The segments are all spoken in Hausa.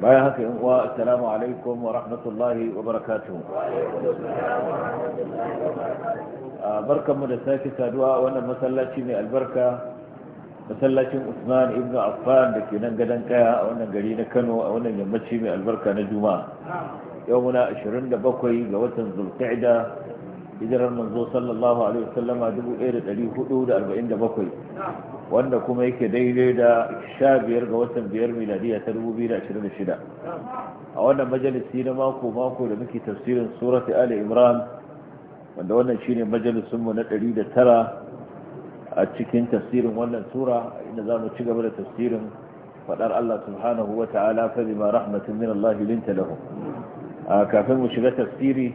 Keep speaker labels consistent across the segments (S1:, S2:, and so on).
S1: bayan haka yin uwa assalamu alaikum wa rahmatullahi wa barakatuhu barkanmu da sake saduwa wannan masallaci mai albarka masallacin usman ibn affan da ke nan gadon kaya a wannan gari na kano a wannan yammaci mai albarka na juma'a yau muna 27 ga watan zulqa'da hijirar manzo sallallahu alaihi wasallama 1447 wanda kuma yake daidai da sha biyar ga watan biyar miladiya ta dubu biyu da ashirin da shida a wannan majalisi na mako mako da muke tafsirin surati ali imran wanda wannan shine mu na ɗari da tara a cikin tafsirin wannan sura inda za mu ci gaba da tafsirin faɗar allah subhanahu wa ta'ala fa bima rahmatin min allah linta lahum kafin mu shiga tafsiri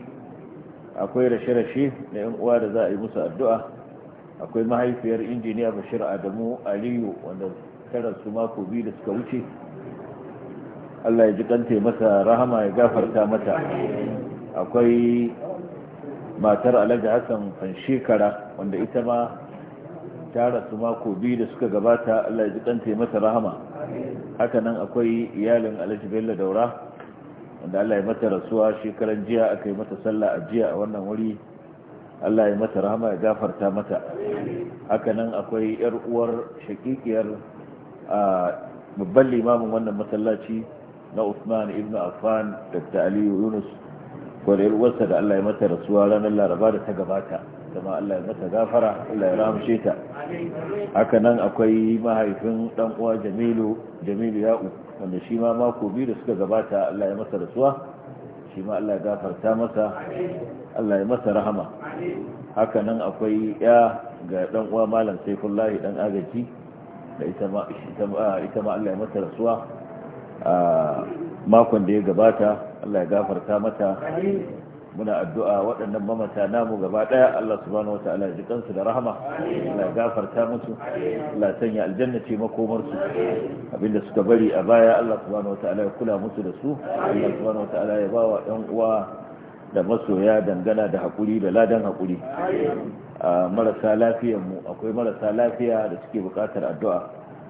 S1: akwai rashe-rashe na yan uwa da za a yi musu addu'a akwai mahaifiyar injiniya bashir adamu aliyu wanda tara su mako biyu da suka wuce allah ya ji kanta masa rahama ya gafarta mata akwai matar alhaji hassan shekara wanda ita ma ta rasu mako biyu da suka gabata allah ya ji kanta masa rahama Haka nan akwai iyalin alhaji bello daura wanda allah ya mata rasuwa shekaran jiya aka yi mata sallah a jiya a wannan wuri Allah ya mata rahama ya gafarta mata hakanan akwai yar uwar shakikiyar babban limamin wannan masallaci na Usman ibn Affan da Aliyu Yunus kwarar uwarsa da Allah ya mata rasuwa ranar Laraba da ta gabata kuma Allah ya mata gafara Allah ya rahamshe ta hakanan akwai mahaifin dan uwa Jamilu Jamilu Ya'u wanda shi ma mako biyu da suka gabata Allah ya masa rasuwa shi ma Allah gafarta masa Allah ya masa rahama haka nan akwai ya ga dan uwa malam saifullahi dan agaji da ita ma ita ma Allah ya masa rasuwa a makon da ya gabata Allah ya gafarta mata muna addu'a waɗannan mamata namu gaba ɗaya Allah subhanahu ta'ala ji kansu da rahama Allah gafarta musu Allah sanya aljanna ce makomar su abinda suka bari a baya Allah subhanahu ta'ala ya kula musu da su Allah subhanahu ta'ala ya bawa ɗan uwa da masoya dangana da hakuri da ladan hakuri a marasa lafiyar mu akwai marasa lafiya da suke buƙatar addu'a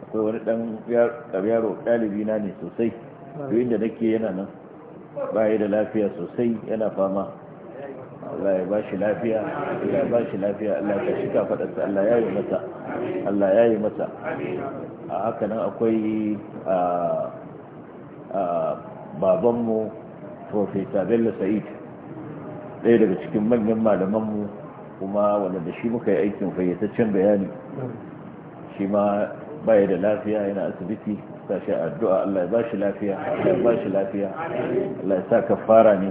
S1: akwai wani ɗan yaro ɗalibi na ne sosai duk inda nake yana nan ba da lafiya sosai yana fama Allah ya ba shi lafiya Allah ya ba shi lafiya Allah ka shika faɗarsa Allah ya yi masa Allah ya yi masa a haka nan akwai babanmu Profesa Bello Sa'id ɗaya daga cikin manyan malaman mu, kuma wanda da shi muka yi aikin fayyataccen bayani shi ma baya da lafiya yana asibiti sa shi addu'a Allah ya bashi lafiya Allah ya bashi lafiya Allah ya sa kafara ne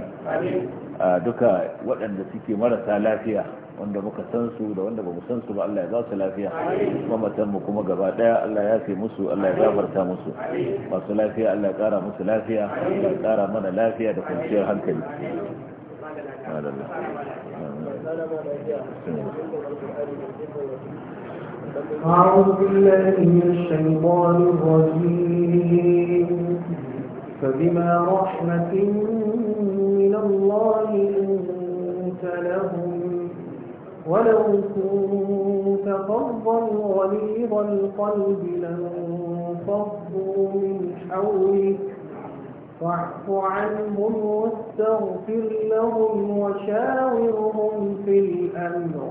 S1: a duka waɗanda suke marasa lafiya wanda muka san su da wanda bamu san su ba Allah ya za su lafiya kuma matan mu kuma gaba ɗaya Allah ya fi musu Allah ya gafarta musu masu lafiya Allah ya kara musu lafiya Allah ya kara mana lafiya da kwanciyar hankali Allah أعوذ بالله من
S2: الشيطان الرجيم فبما رحمة من الله أنت لهم ولو كنت فظا غليظ القلب لانفضوا من حولك فاعف عنهم واستغفر لهم وشاورهم في الأمر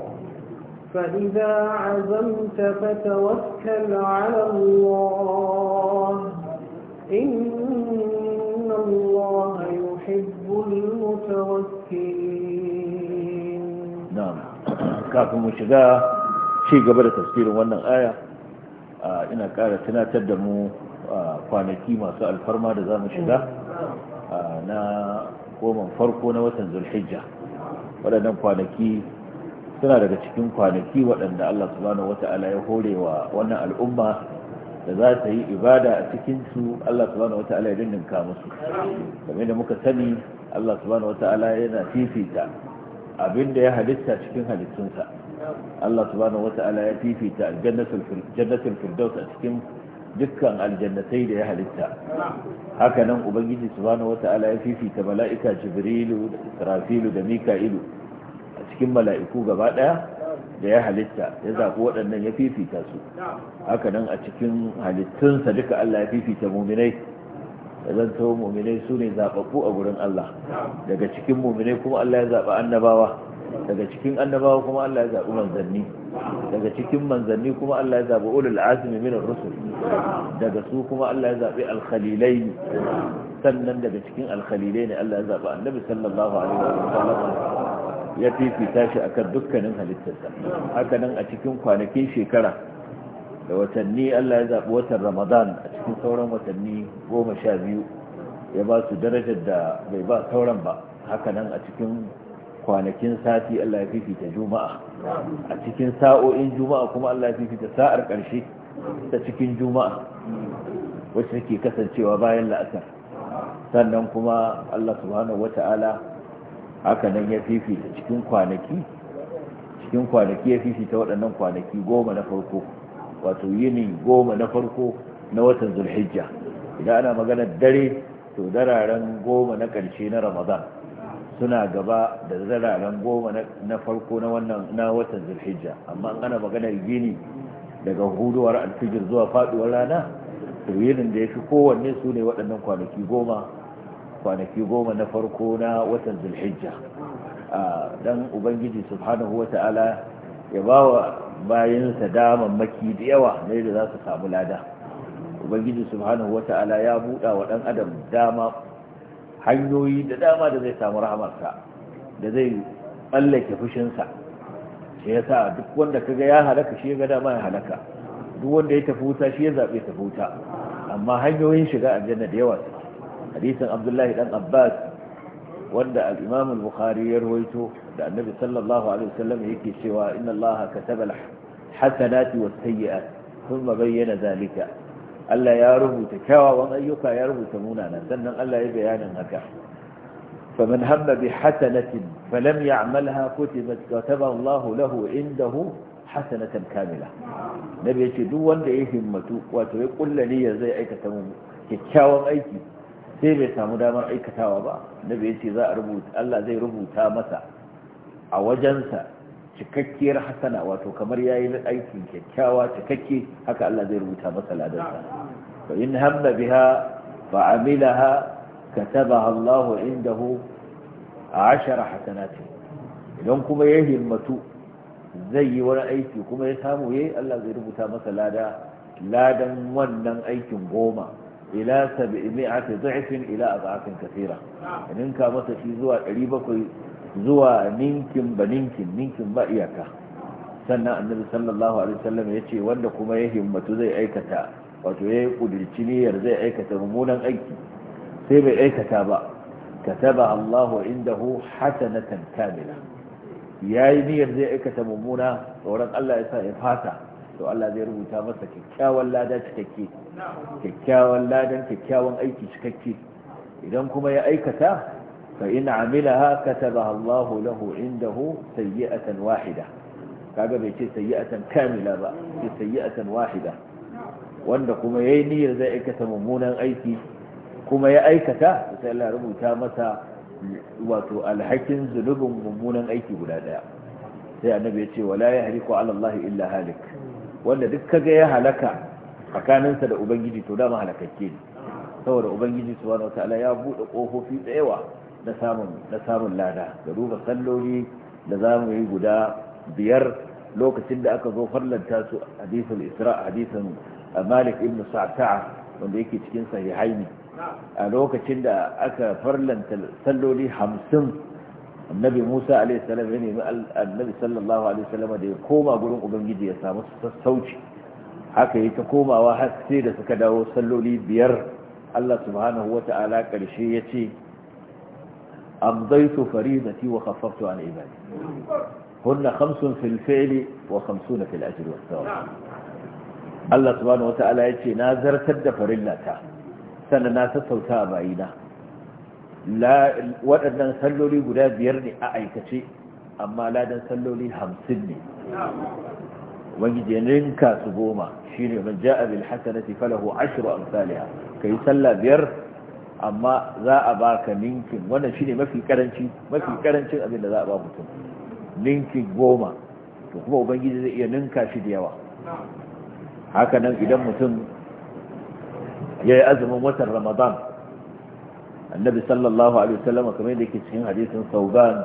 S2: فإذا عزمت فتوكل على الله إن الله يحب المتوكلين
S1: نعم كافي مشجاة شيء قبل تفسير وانا آية ina ƙara tunatar da mu kwanaki masu alfarma da za mu shiga na goma farko na watan zulhijja waɗannan kwanaki suna daga cikin kwanaki waɗanda Allah subhanahu wata'ala ya hore wa wannan al'umma da za ta yi ibada a cikinsu su Allah subhanahu wata'ala ya dindinka musu game da muka sani Allah subhanahu wata'ala yana fifita abin da ya halitta cikin halittunsa Allah subhanahu wata'ala ya fifita aljannatul firdaus a cikin dukkan aljannatai da ya halitta haka nan ubangiji subhanahu wata'ala ya fifita mala'ika jibrilu da israfilu da mika'ilu cikin mala'iku gaba ɗaya da ya halitta ya zaɓi waɗannan ya fifita su haka nan a cikin halittunsa duka Allah ya fifita muminai da zanto muminai su ne zaɓaɓɓu a gurin Allah daga cikin muminai kuma Allah ya zaɓi annabawa daga cikin annabawa kuma Allah ya zaɓi manzanni daga cikin manzanni kuma Allah ya zaɓi ulul azmi min ar-rusul daga su kuma Allah ya zaɓi al-khalilai sannan daga cikin al-khalilai ne Allah ya zaɓi annabi sallallahu alaihi wa sallam ya fifita shi akan dukkanin halittarsa haka nan a cikin kwanakin shekara da watanni Allah ya zaɓi watan Ramadan a cikin sauran watanni goma sha biyu ya ba su darajar da bai ba sauran ba haka nan a cikin kwanakin sati Allah ya fifita juma'a a cikin sa'o'in juma'a kuma Allah ya fifita sa'ar ƙarshe ta cikin juma'a wacce ke kasancewa bayan la'asar sannan kuma Allah subhanahu ta'ala. haka nan ya fifita cikin kwanaki cikin kwanaki ya fifita waɗannan kwanaki goma na farko wato yini goma na farko na watan zulhijja idan ana maganar dare to dararen goma na ƙarshe na ramadan suna gaba da dararen goma na farko na wannan na watan zulhijja amma ana maganar yini daga huduwar alfijir zuwa faduwar rana to yinin da ya fi kowanne su ne waɗannan kwanaki goma kwanaki goma na farko na watan zulhijja dan ubangiji subhanahu wa ta'ala ya ba wa bayansa damammaki da yawa na da za su samu lada ubangiji subhanahu wa ta'ala ya buɗa wa ɗan adam dama hanyoyi da dama da zai samu rahamarsa da zai tsallake fushinsa shi ya sa duk wanda kaga ya halaka shi ga dama ya halaka duk wanda ya tafi wuta shi ya zaɓe tafi wuta amma hanyoyin shiga aljanna da yawa hadisin abdullahi dan abbas wanda al-imam bukhari ya rawaito da annabi sallallahu alaihi wasallam yake cewa inna allaha kataba al-hasanati was-sayyi'at thumma bayyana zalika Allah ya rubuta kyawawan ayyuka ya rubuta munana sannan Allah ya bayanin haka faman hamma bi hasanatin falam ya'malha kutibat kataba Allahu lahu indahu hasanatan kamila nabi yace duk wanda ya himmatu wato ya kullani ya zai aikata kyakkyawan aiki sai bai samu damar aikatawa ba na bai ce za a rubuta Allah zai rubuta masa a wajensa cikakkiyar hasana wato kamar yayi aikin kyakkyawa cikakke haka Allah zai rubuta masa ladansa fa in hamma biha fa amilaha katabaha Allah indahu 10 hasanati idan kuma ya himmatu zai yi wani aiki kuma ya samu ya Allah zai rubuta masa lada ladan wannan aikin goma ila 700 da'fin ila adafin kathira ninka masa shi zuwa 700 zuwa ninkin ba ninkin ninkin ba iyaka sannan annabi sallallahu alaihi wasallam yace wanda kuma ya himmatu zai aikata wato yayi kudirci niyyar zai aikata mummunan aiki sai bai aikata ba kataba Allah indahu hasanatan kamila yayi niyyar zai aikata mummuna tsoron Allah ya sa ya fata to Allah zai rubuta masa kyakkyawan lada cikakke kyakkyawan ladan kyakkyawan aiki cikakke idan kuma ya aikata fa in amilaha katabaha Allah lahu indahu sayyi'atan wahida kaga bai ce sayyi'atan kamila ba ce sayyi'atan wahida wanda kuma yayi niyyar zai aikata mummunan aiki kuma ya aikata sai Allah rubuta masa wato alhakin zulubin mummunan aiki guda daya sai annabi ya ce wala yahriku ala Allah illa halik wanda duk kaga ya halaka tsakaninsa da ubangiji to dama halakakke ne saboda ubangiji subhanahu wataala ya buɗe kofofi tsayawa na samun na samun lada da duba salloli da zamu yi guda biyar lokacin da aka zo farlanta su hadisul isra hadisin malik ibn sata wanda yake cikin sahihaini a lokacin da aka farlanta salloli hamsin annabi musa alaihi salam ya nemi annabi sallallahu alaihi wasallam da ya koma gurin ubangiji ya samu sassauci haka yi ta komawa har sai da suka dawo salloli biyar Allah subhanahu wata'ala karshe ya ce amdaitu faridati wa khaffaftu an ibadi hunna khamsun fil fi'li wa khamsuna fil ajri was thawab Allah subhanahu wata'ala ya ce na zartar da farillata sannan na sassauta a bayina waɗannan salloli guda biyar ne a aikace amma ladan salloli hamsin ne ubangiji ninka su goma shine man ja bil hasanati falahu ashru ka yi sallah biyar amma za a baka ninkin wannan shine mafi karanci mafi karancin abin da za a ba mutum ninkin goma to kuma ubangiji zai iya ninka shi da yawa haka nan idan mutum ya yi azumin watan ramadan النبي صلى الله عليه وسلم كما يدك في حديث ثوبان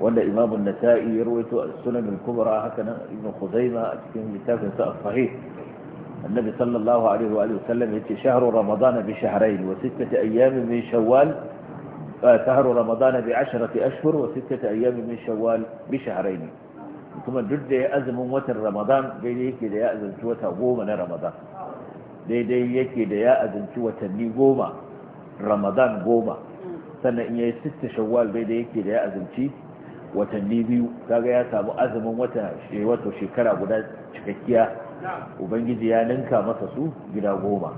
S1: ولا إمام النسائي يروي السنن الكبرى هكذا ابن خزيمة في كتاب الصحيح النبي صلى الله عليه وآله وسلم يأتي شهر رمضان بشهرين وستة أيام من شوال آه، شهر رمضان بعشرة أشهر وستة أيام من شوال بشهرين ثم جد أزم موت رمضان دي يكي دي أزم شوة غوما رمضان دي دي يكي شوة نيغوما ramadan goma sannan in ya yi shawwal bai da yake da ya azumci watanni biyu kaga ya samu azumin wata eh, wato shekara guda cikakkiya ubangiji ya ninka masa su gida goma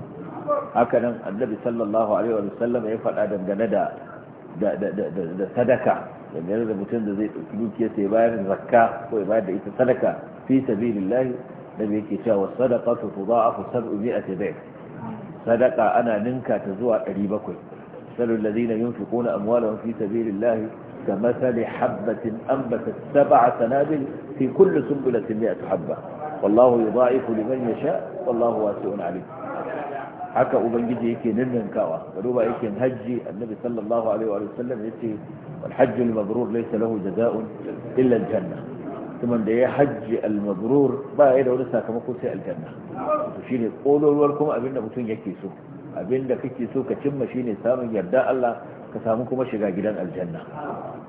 S1: haka nan annabi sallallahu alaihi wa sallam ya faɗa dangane da da sadaka dangane da mutum da zai ɗauki dukiya sai bayar zakka ko ya bayar da ita sadaka fi sabilillah da yake cewa sadaqatu tudha'afu sab'u mi'ati dhif sadaka ana ninka ta zuwa 700 salul ladina yunfiquna amwalahum fi sabilillahi كمثل حبة أنبتت سبع سنابل في كل سنبلة مئة حبة والله يضاعف لمن يشاء والله واسع عليم haka ubangiji yake ninninkawa ka duba aikin hajji annabi sallallahu alaihi wa sallam yace wal hajjul mabrur laysa lahu jazaa'un illa al janna mutumin da ya hajji almabrur ba ya da wani sakamako sai aljanna shi ne ƙololuwar kuma abinda mutum yake so abinda kake so ka cimma shi ne samun yarda Allah ka samu kuma shiga gidan aljanna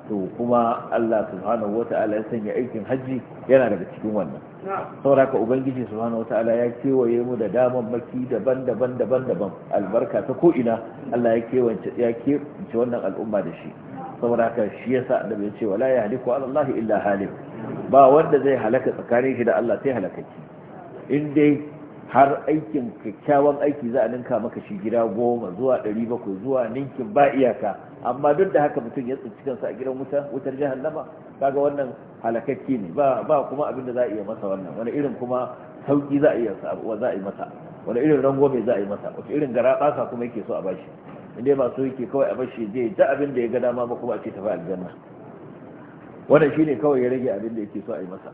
S1: to kuma Allah subhanahu wata'ala ya sanya aikin hajji yana daga cikin wannan sauraka ubangiji subhanahu wata'ala ya kewaye mu da daman maki daban-daban daban-daban albarka ta ko ina Allah ya kewance ya kewance wannan al'umma da shi sauraka shi yasa annabi ya ce wala yahliku ala illa halik ba wanda zai halaka tsakanin shi da Allah sai halakaci in dai har aikin kyakkyawan aiki za a ninka maka shi gida goma zuwa ɗari bakwai zuwa ninkin ba iyaka amma duk da haka mutum ya tsinci kansa a gidan wuta wutar jahannama kaga wannan halakakki ne ba kuma abin da za a iya masa wannan wani irin kuma sauki za a iya a yi masa wani irin mai za a yi masa wata irin gara ɓasa kuma yake so a bashi in dai ba so yake kawai a bashi zai ji abin da ya ga dama ba kuma a ce tafi aljanna wannan ne kawai ya rage abin da yake so a yi masa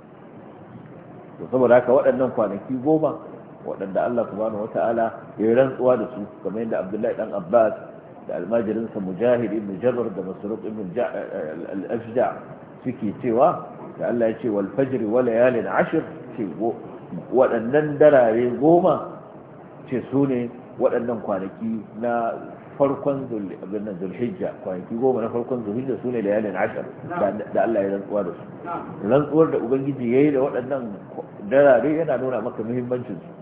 S1: to saboda haka waɗannan kwanaki goma waɗanda Allah subhanahu ya yi rantsuwa da su kamar yadda Abdullahi dan Abbas da almajirinsa Mujahid ibn Jabr da Masruq ibn al-Ashja suke cewa da Allah ya ce wal fajr wa layalin ashr ce waɗannan darare goma ce su ne waɗannan kwanaki na farkon abin nan zulhijja kwanaki goma na farkon zulhijja su ne layalin ashar da Allah ya rantsuwa da
S3: su
S1: rantsuwar da ubangiji ya yi da waɗannan darare yana nuna maka muhimmancin su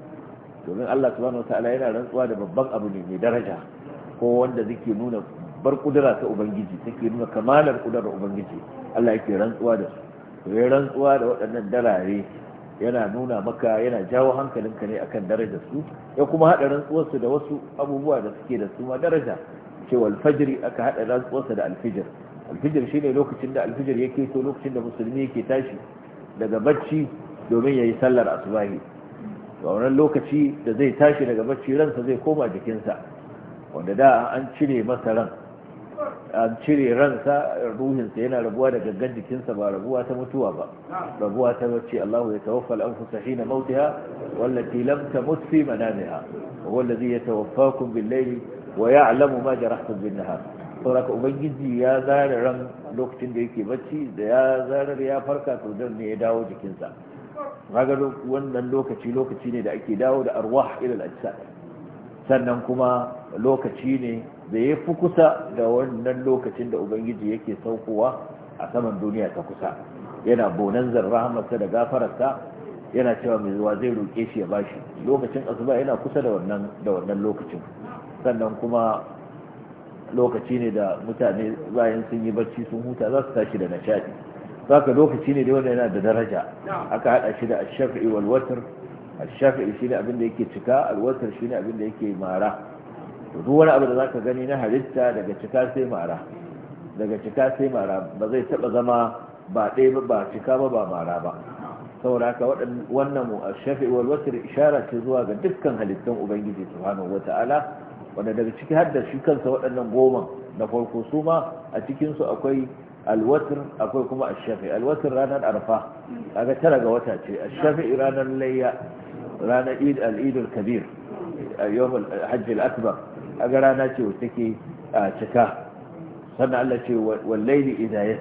S1: domin Allah subhanahu ta'ala yana rantsuwa da babban abu ne mai daraja ko wanda zake nuna bar kudura ta ubangiji take nuna kamalar kudurar ubangiji Allah yake rantsuwa da su ya rantsuwa da waɗannan darare yana nuna maka yana jawo hankalinka ne akan darajar su ya kuma haɗa rantsuwarsu da wasu abubuwa da suke da su ma daraja cewa alfajiri aka haɗa rantsuwarsa da alfijir alfijir shine lokacin da alfijir yake so lokacin da musulmi yake tashi daga bacci domin ya yi sallar asubahi a wannan lokaci da zai tashi daga bacci ransa zai koma jikinsa wanda da an cire masa ran an cire ransa ruhinsa yana rabuwa da gangan jikinsa ba rabuwa ta mutuwa ba rabuwa ta wacce Allah ya tawaffa al-anfusa hina mautiha wallati lam tamut fi manamiha huwa alladhi yatawaffakum bil-layli wa ya'lamu ma jarahtum bin-nahar saboda ubangiji ya zare ran lokacin da yake bacci da ya zarar ya farka to dan ne ya dawo jikinsa kaga wannan lokaci lokaci ne da ake dawo da arwah ila al-ajsad sannan kuma lokaci ne da ya fi kusa da wannan lokacin da ubangiji yake saukowa a saman duniya ta kusa yana bonanzar rahamarsa da gafararsa yana cewa mai zuwa zai roƙe shi ya bashi lokacin asuba yana kusa da wannan lokacin sannan kuma lokaci ne da mutane bayan sun yi barci sun huta za su tashi da nishadi ka lokaci ne da wanda yana da daraja aka haɗa shi da ash-shafi'i wal watr ash-shafi'i shine abin da yake cika al-watr shine abin da yake mara to duk wani abu da zaka gani na halitta daga cika sai mara daga cika sai mara ba zai taba zama ba ɗaya ba ba cika ba ba mara ba saboda haka wannan mu a shafi wal ishara ce zuwa ga dukkan halittun ubangiji subhanahu wata'ala wanda daga ciki har da shi kansa waɗannan goma da farko su ma a cikin su akwai alwatar akwai kuma ashafi alwatar ranar arfa kaga tara ga wata ce ashafi ranar layya ranar eid kabir a al hajji al a gara rana ce ke a cika sannan Allah ce wallaili idza ya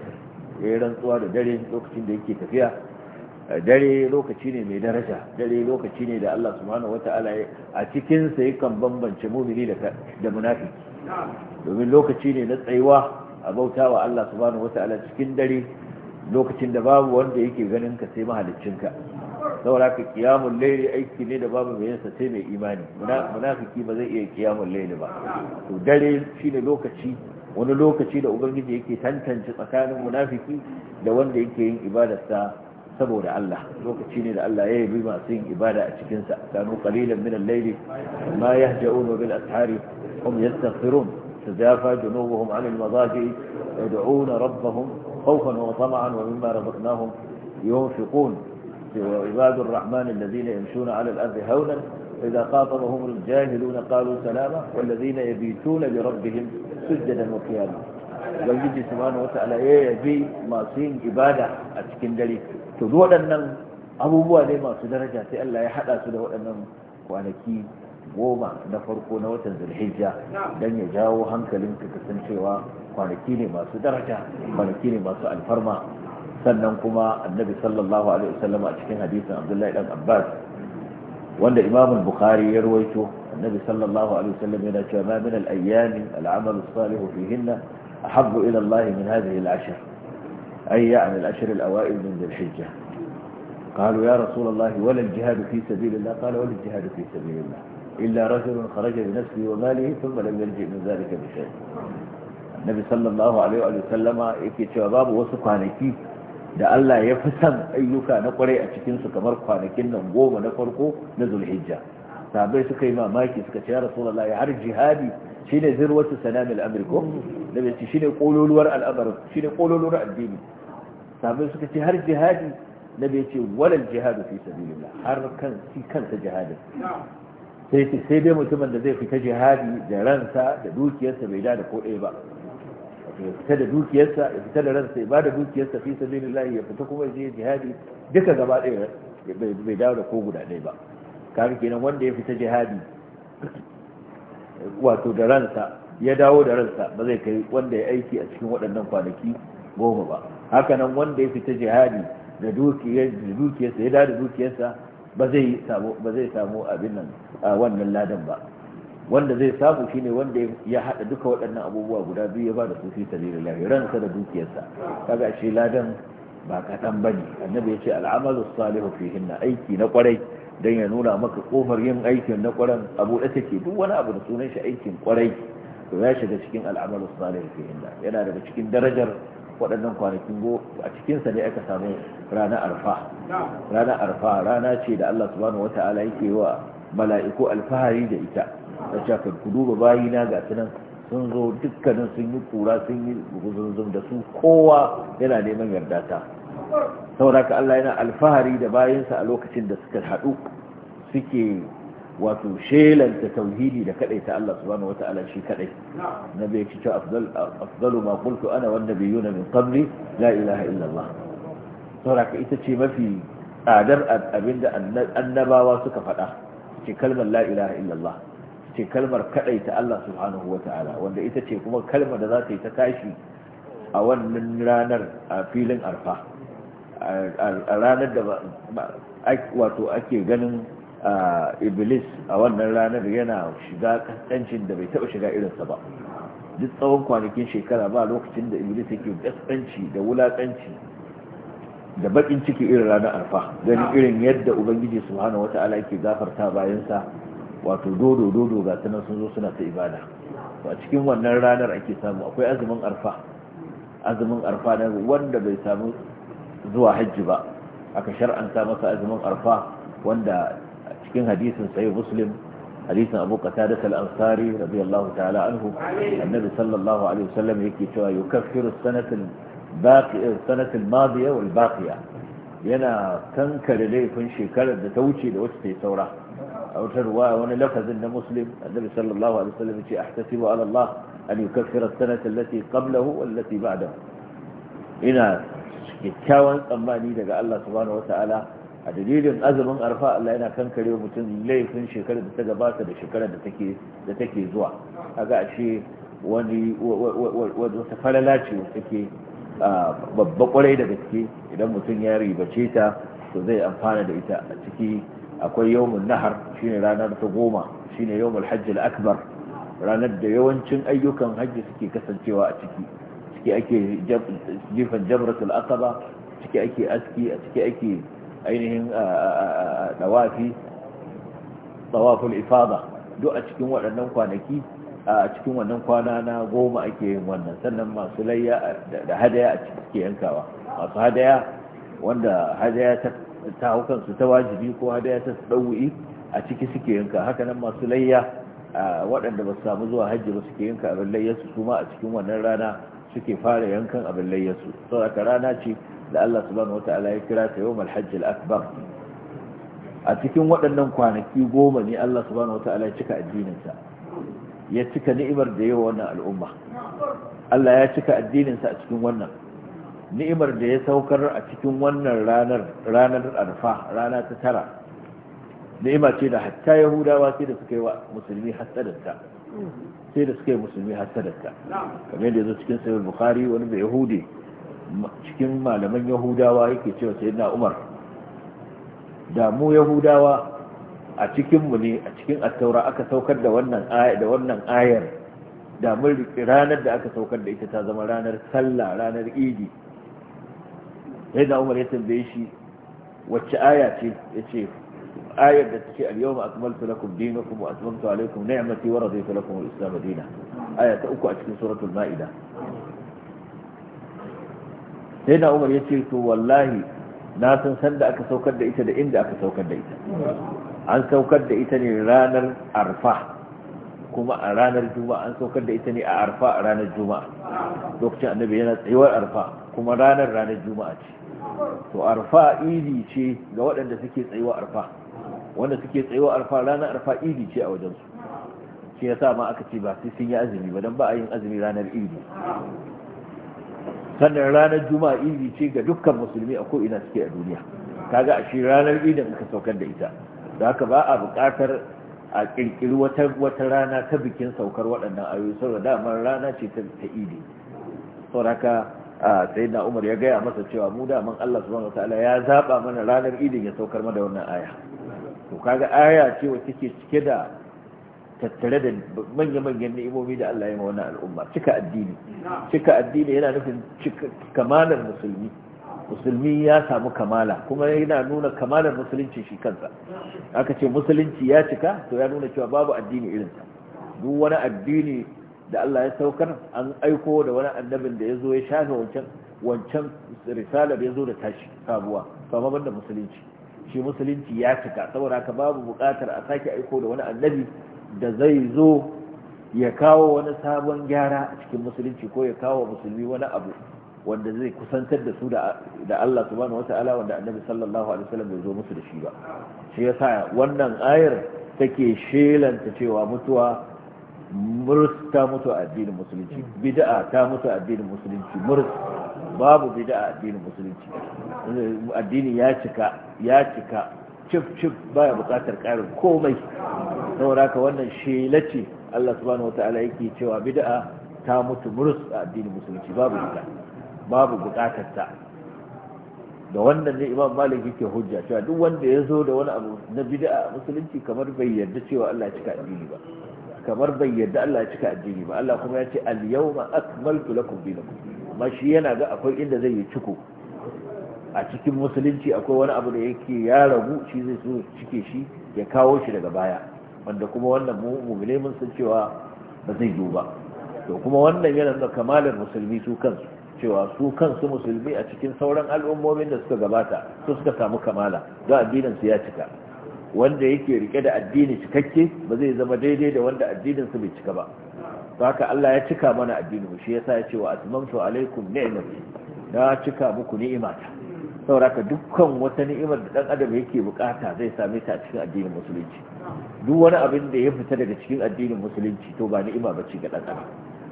S1: yi rantsuwa da dare lokacin da yake tafiya dare lokaci ne mai daraja dare lokaci ne da Allah subhanahu wata'ala a cikinsa sa yakan bambance mu'mini da munafi domin lokaci ne na tsayuwa a bautawa Allah subhanahu wata'ala cikin dare lokacin da babu wanda yake ganin ka sai mahaliccinka saboda ka kiyamun laili aiki ne da babu mai yansa sai mai imani munafiki ba zai iya kiyamun laili ba to dare shine lokaci wani lokaci da ubangiji yake tantance tsakanin munafiki da wanda yake yin ibadarsa saboda Allah lokaci ne da Allah ya yabi masu yin ibada a cikin sa kanu qalilan min al-layli ma yahja'un bil ashari hum yastaghfirun tajafa junubuhum 'anil madaji yad'una rabbahum خوفا وطمعا ومما رزقناهم ينفقون وعباد الرحمن الذين يمشون على الأرض هونا إذا خاطبهم الجاهلون قالوا سلاما والذين يبيتون لربهم سجدا وقياما ubangiji subhanahu wata'ala ya yabi masu yin ibada a cikin dare to duk abubuwa ne masu daraja sai Allah ya haɗa su da waɗannan kwanaki goma na farko na watan zulhijja don ya jawo hankalin ka kasancewa kwanaki ne masu daraja kwanaki ne masu alfarma sannan kuma annabi sallallahu alaihi wasallam a cikin hadisin abdullahi dan abbas wanda imam bukhari ya ruwaito annabi sallallahu alaihi wasallam yana cewa ma min al-ayyami al-amalu salih fihinna ahabbu ila Allah min hadhihi al-ashr ay ya'ni al-ashr al-awa'il min قالوا يا رسول الله ولا الجهاد في سبيل الله قال ولا الجهاد في سبيل الله إلا رجل خرج بنفسه وماله ثم لم يلجئ من ذلك بشيء النبي صلى الله عليه وسلم يكي وسقانكي da Allah ya fi san ayyuka na kwarai a cikinsu kamar kwanakin nan goma na farko na zulhijja sahabai suka yi mamaki suka ce ya rasulullahi har jihadi shine zirwarsu sanamil amr ko da bai ci ne kololuwar al'amarin shi shine kololuwar addini sahabai suka ce har jihadi na bai ce walal jihadu fi sabilillah har kan si kansa jihadin sai ce sai dai mutumin da zai fita jihadi da ransa da dukiyarsa bai da ko ɗaya ba ya fita da dukiyarsa ya fita da ransa ya bada dukiyarsa fi sabilillah ya fita kuma je jihadi duka gaba ɗaya bai dawo da ko guda ɗaya ba kaga kenan wanda ya fita jihadi wato da ransa ya dawo da ransa ba zai kai wanda ya aiki a cikin waɗannan kwanaki goma ba hakanan wanda ya fita jihadi da dukiyarsa ya dawo da dukiyarsa ba zai samu abin nan wannan ladan ba wanda zai samu shine wanda ya hada duka waɗannan abubuwa guda biyu ya ba da su fi da ransa da dukiyarsa kaga shi ladan ba kaɗan bane annabi ya ce al'amalu salihu fihinna aiki na kwarai dan ya nuna maka kofar yin aikin na kwaran abu da take duk wani abu da sunan shi aikin kwarai to ya shiga cikin al'amalu salihu fihinna yana daga cikin darajar waɗannan kwanakin go a cikinsa ne aka samu rana arfa rana arfa rana ce da Allah subhanahu wata'ala yake wa mala'iku alfahari da ita Da shakar ku duba bayina ga sunan sun zo dukkanin sun yi kura sun yi zunzun da su kowa yana neman yarda ta saboda ka Allah yana alfahari da bayansa a lokacin da suka haɗu suke wato shelanta tauhidi da kadai ta Allah subhanahu wataala shi kadai nabi yake cewa afdal afdalu ma qultu ana wan nabiyuna min qabli la ilaha illa Allah ita ce mafi tsadar abinda annabawa suka faɗa ce kalmar la ilaha illa Allah ce kalmar kadai ta Allah subhanahu wata'ala wanda ita ce kuma kalmar da za ta yi ta tashi a wannan ranar a filin arfa a ranar da wato ake ganin iblis a wannan ranar yana shiga kasancin da bai taba shiga irinsa ba duk tsawon kwanakin shekara ba lokacin da iblis yake kaskanci da wulakanci da bakin ciki irin ranar arfa ganin irin yadda ubangiji subhanahu wata'ala yake gafarta bayansa wato dodo dodo ga sanan sun zo suna ta ibada a cikin wannan ranar ake samu akwai azumin arfa azumin arfa na wanda bai samu zuwa hajji ba aka shar'anta masa azumin arfa wanda a cikin hadisin sahih muslim hadisin abu qatada al-ansari radiyallahu ta'ala anhu annabi sallallahu alaihi wasallam yake cewa yukaffiru sanatal baqi sanatal yana kankare laifin shekarar da ta wuce da wacce ta yi saura أو تروى ونلفظ أن مسلم النبي صلى الله عليه وسلم أحتسب على الله أن يكفر السنة التي قبله والتي بعده إنا kyakkyawan tsammani daga Allah subhanahu wata'ala a dalilin azumin arfa Allah yana kankare mutum laifin shekarar da ta gabata da shekarar da take zuwa kaga a ce wani wata falala ce take babba kwarai daga gaske idan mutum ya ribace ta to zai amfana da ita a ciki akwai yawmun nahar shine ranar ta goma shine yawmul hajji akbar ranar da yawancin ayyukan hajji suke kasancewa a ciki ciki ake jifan jamratul aqaba ciki ake aski a ciki ake ainihin dawafi tawaful ifada duk a cikin waɗannan kwanaki a cikin wannan kwana na goma ake yin wannan sannan masu layya da hadaya a ciki suke yankawa masu hadaya wanda hadaya ta ta hau ta wajibi ko hadaya ta ɗau'i a ciki suke yanka haka nan masu layya waɗanda ba su samu zuwa hajji ba suke yanka abin layyarsu su ma a cikin wannan rana suke fara yankan abin layyarsu sau aka rana ce da Allah subhanahu wata'ala ya kira ta yawmal hajjil akbar a cikin waɗannan kwanaki goma ne Allah subhanahu wata'ala ya cika addininsa ya cika ni'imar da yawa wannan al'umma Allah ya cika addininsa a cikin wannan ni'imar da ya saukar a cikin wannan ranar ranar arfa rana ta tara ni'ima ce da hatta yahudawa sai da suka yi wa musulmi hasadarta sai da suka yi musulmi hasadarta kamar yadda zo cikin sayar bukari wani da yahudi cikin malaman yahudawa yake cewa sai na umar da mu yahudawa a cikinmu ne a cikin attaura aka saukar da wannan da wannan ayar da mun ranar da aka saukar da ita ta zama ranar sallah ranar idi sai da umar ya tambaye shi wacce aya ce ya ce ayar da take al-yawma akmaltu lakum dinakum wa atmamtu alaykum ni'mati wa raditu lakum al-islam dina aya ta uku a cikin suratul ma'ida sai da umar ya ce to wallahi na san sanda aka saukar da ita da inda aka saukar da ita an saukar da ita ne ranar arfa kuma a ranar juma'a an saukar da ita ne a arfa a ranar juma'a lokacin annabi yana tsayuwar arfa kuma ranar ranar juma'a ce to arfa idi ce ga waɗanda suke tsayuwa arfa wanda suke tsayuwa arfa ranar arfa idi ce a wajensu shi ya sa ma aka ce ba sai sun yi azumi ba don ba a yin azumi ranar idi sannan ranar juma'a idi ce ga dukkan musulmi a ko'ina suke a duniya kaga a shi ranar idin aka saukar da ita da haka ba a buƙatar a kirkiri wata rana ta bikin saukar waɗannan ayoyi saboda damar rana ce ta idi sauraka sai na umar ya gaya masa cewa mu daman Allah subhanahu wataala ya zaɓa mana ranar idin ya saukar mana wannan aya to kaga aya ce wacce take cike da tattare da manya-manyan ni'imomi da Allah ya yi wa wannan al'umma cika addini cika addini yana nufin cika kamalar musulmi musulmi ya samu kamala kuma yana nuna kamalar musulunci shi kansa aka ce musulunci ya cika to ya nuna cewa babu addini irinsa duk wani addini da Allah ya saukar an aiko da wani annabin da ya zo ya shafe wancan wancan risalar ya zo da tashi sabuwa kama banda musulunci shi musulunci ya cika saboda haka babu buƙatar a sake aiko da wani annabi da zai zo ya kawo wani sabon gyara a cikin musulunci ko ya kawo musulmi wani abu wanda zai kusantar da su da Allah subhanahu wata'ala wanda annabi sallallahu alaihi wasallam bai zo musu da shi ba shi yasa wannan ayar take shelanta cewa mutuwa murs ta mutu a addinin musulunci bid'a ta mutu a addinin musulunci murs babu bid'a a addinin musulunci addini ya cika ya cika cif cif baya bukatar karin komai saboda haka wannan shela ce Allah subhanahu wata'ala yake cewa bid'a ta mutu murs a addinin musulunci babu bid'a babu bukatar ta da wannan ne imam malik yake hujja cewa duk wanda ya zo da wani abu na bid'a musulunci kamar bai yarda cewa Allah ya cika addini ba kamar bai yarda Allah ya cika addini ba Allah kuma ya ce al yawma akmaltu lakum dinakum amma shi yana ga akwai inda zai yi ciko a cikin musulunci akwai wani abu da yake ya ragu shi zai so cike shi ya kawo shi daga baya wanda kuma wannan mu mu'mine mun san cewa ba zai yiwu ba to kuma wannan yana da kamalar musulmi su kansu cewa su kansu musulmi a cikin sauran al'ummomin da suka gabata su suka samu kamala don addinin su ya cika wanda yake rike da addini cikakke ba zai zama daidai da wanda addinin su bai cika ba haka Allah ya cika mana addinin shi yasa ya ce wa atmamtu alaikum ni'mati na cika muku ni'imata sauraka dukkan wata ni'imar da dan adam yake bukata zai same ta a cikin addinin musulunci duk wani abin da ya fita daga cikin addinin musulunci to ba ni'ima bace ga dan adam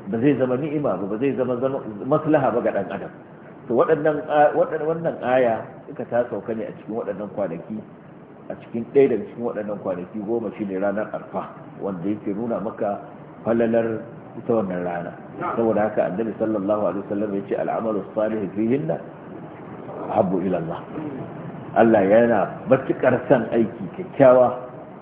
S1: ba zai zama ni'ima ba ba zai zama maslaha ba ga dan adam to waɗannan wannan aya suka ta sauka ne a cikin waɗannan kwanaki a cikin ɗaya daga cikin waɗannan kwanaki goma shi ne ranar arfa wanda yake nuna maka falalar ita wannan rana saboda haka annabi sallallahu alaihi wasallam ya ce al'amalu salih fihinna na habbu ila Allah Allah yana matukar san aiki kyakkyawa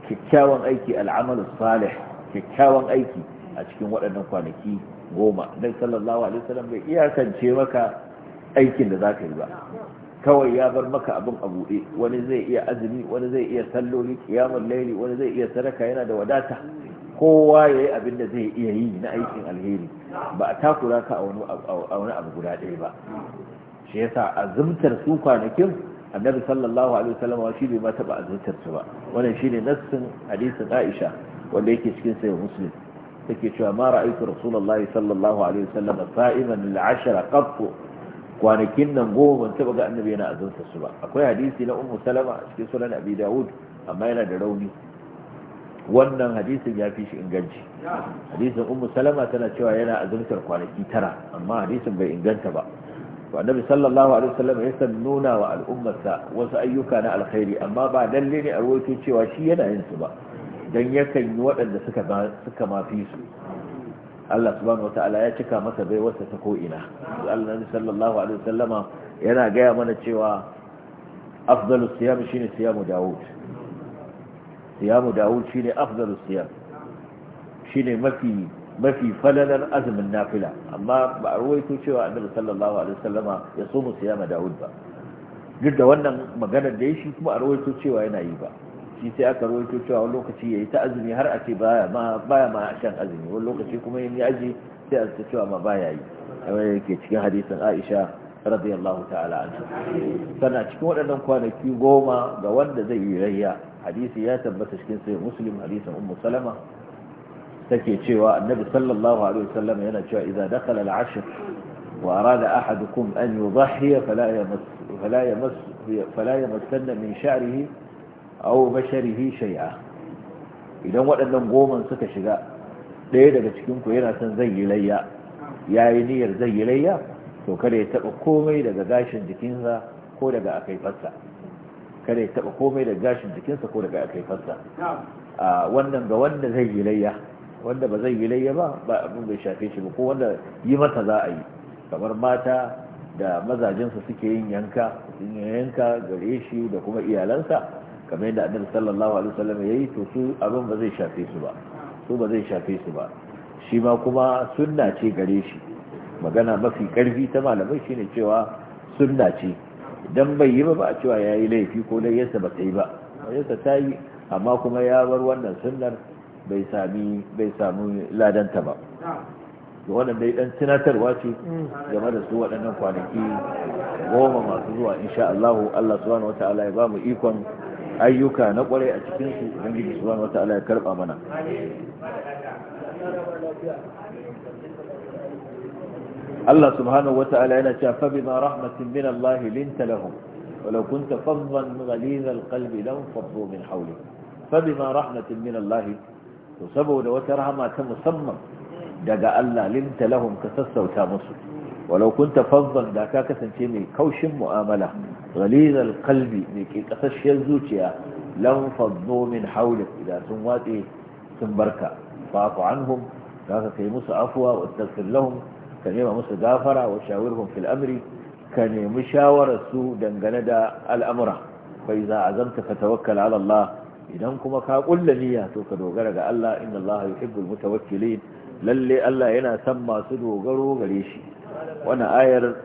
S1: kyakkyawan aiki al'amalu salih kyakkyawan aiki a cikin waɗannan kwanaki goma nai sallallahu alaihi wasallam bai iyakance maka aikin da zaka yi ba kawai ya bar maka abin a buɗe wani zai iya azumi wani zai iya salloli kiyamun laili wani zai iya sadaka yana da wadata kowa ya yi abin da zai iya yi na aikin alheri ba a takura ka a wani abu guda ɗaya ba shi yasa azumtar su kwanakin annabi sallallahu alaihi wasallam shi bai ma taba azumtar su ba wannan shine nassin hadisin Aisha wanda yake cikin sahih Muslim take cewa ma ra'aytu rasulullahi sallallahu alaihi wasallam sa'iman lil ashara qattu kwanakin nan goma ban taba ga annabi yana azunta su ba akwai hadisi na ummu salama a cikin sunan abi da'ud amma yana da rauni wannan hadisin ya fi shi inganci hadisin ummu salama tana cewa yana azumtar kwanaki tara amma hadisin bai inganta ba annabi sallallahu alaihi wasallam ya san nuna wa al'ummarsa wasu ayyuka na alkhairi amma ba lalle ne a rawaito cewa shi yana yin su ba don yakan yi waɗanda suka mafi su Allah subhanahu wata'ala ya cika masa bai wasa ta ko'ina Allah sallallahu alaihi sallama yana gaya mana cewa afdalu siyam shi shine siyamu daud siyamu shi ne afdalu siyam Shi ne mafi falalar azumin nafila amma ba a ruwaito cewa annabi sallallahu alaihi sallama ya so mu siyama daud ba duk da wannan maganar da ya shi kuma a ruwaito cewa yana yi ba shi sai aka rawaito cewa wani lokaci ya yi ta azumi har a ce baya ma a shan azumi wani lokaci kuma yin yaji sai a ta cewa ma baya yi kamar yake cikin hadisin aisha radiyallahu ta'ala anha sana cikin waɗannan kwanaki goma ga wanda zai yi rayya hadisi ya tabbata cikin sai muslim hadisin ummu salama take cewa annabi sallallahu alaihi wasallam yana cewa idza dakhala al-ashr wa arada ahadukum an yudhhiya fala yamas fala yamas fala yamassanna min sha'rihi aw basharihi shay'a idan waɗannan goman suka shiga ɗaya daga cikin ku yana son zai yi layya yayi niyyar zai yi layya to kada ya taba komai daga gashin jikinsa ko daga akaifarsa kada ya taba komai daga gashin jikinsa ko daga akaifarsa a wannan ga wanda zai yi layya wanda ba zai yi layya ba ba abin bai shafe shi ba ko wanda yi masa za a yi kamar mata da mazajensa suke yin yanka yin yanka gare shi da kuma iyalansa kamar yadda annabi sallallahu alaihi wasallam yayi to su abin ba zai shafe su ba su ba zai shafe su ba shi ma kuma sunna ce gare shi magana mafi karfi ta malamai shine cewa sunna ce idan bai yi ba a cewa yayi laifi ko dai yasa ba ta yi ba yasa ta yi amma kuma ya bar wannan sunnar bai sami bai samu ladanta ba
S3: da
S1: wannan dai dan tunatarwa ce game da su waɗannan kwanaki goma masu zuwa insha Allah Allah subhanahu wataala ya ba mu ikon ayyuka na kwarai a cikin don gidi su wata ala ya karba mana Allah subhanahu wa ta'ala yana cewa fa bima rahmatin min Allah linta lahum walau kunta fadlan ghaliz alqalbi lam fadu min hawli fa rahmatin min Allah to saboda wata rahma ta musamman daga Allah linta lahum ka sassauta musu walau kunta da ka kasance mai kaushin mu'amala ghalizal qalbi mai ke kasashiyar zuciya lan faddu min hawlik idan sun watse sun barka fa'fu anhum zaka kai musu afwa wa taghfir lahum ka nema musu gafara wa shawirhum fil amri ka nemi shawarar su dangane da al'amura fa idza azamta ka ala Allah idan kuma ka kulla niyya to ka dogara ga Allah inna Allah yuhibbul mutawakkilin lalle Allah yana son masu dogaro gare shi Wani ayar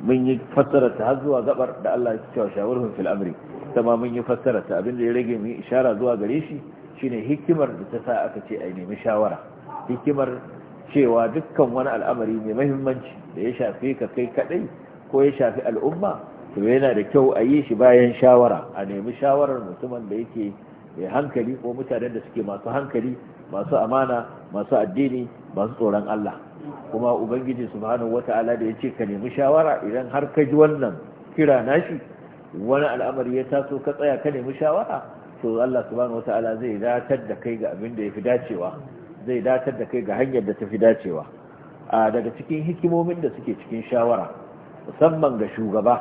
S1: mun yi fassara ta har zuwa gabar da Allah ya cewa shawarhum fil amri kuma mun yi fassara ta abin da ya rage mu ishara zuwa gare shi shine hikimar da ta sa aka ce ai nemi shawara hikimar cewa dukkan wani al'amari mai muhimmanci da ya shafi ka kai kadai ko ya shafi al'umma to yana da kyau a yi shi bayan shawara a nemi shawarar mutumin da yake mai hankali ko mutanen da suke masu hankali masu amana masu addini masu tsoron Allah kuma ubangiji subhanahu wata'ala da yace ka nemi shawara idan har ka ji wannan kira nashi wani al'amari ya taso ka tsaya ka nemi shawara to Allah subhanahu wata'ala zai datar da kai ga abin da yafi dacewa zai datar da kai ga hanyar da tafi dacewa a daga cikin hikimomin da suke cikin shawara musamman ga shugaba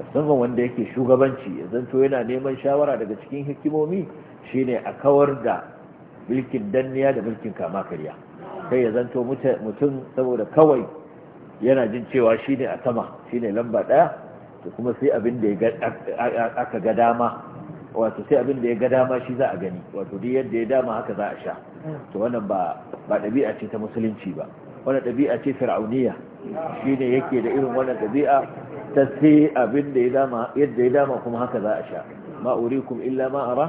S1: musamman wanda yake shugabanci ya zanto yana neman shawara daga cikin hikimomi shine a kawar da mulkin danniya da mulkin kama karya sai ya zanto mutum saboda kawai yana jin cewa shi ne a sama shi ne lamba ɗaya to kuma sai abin da aka ga dama wato sai abin da ya ga dama shi za a gani wato duk yadda ya dama haka za a sha to wannan ba ba ɗabi'a ce ta musulunci ba wannan ɗabi'a ce fir'auniya shi ne yake da irin wannan ɗabi'a ta sai abin da ya dama yadda ya dama kuma haka za a sha ma urikum illa ma ara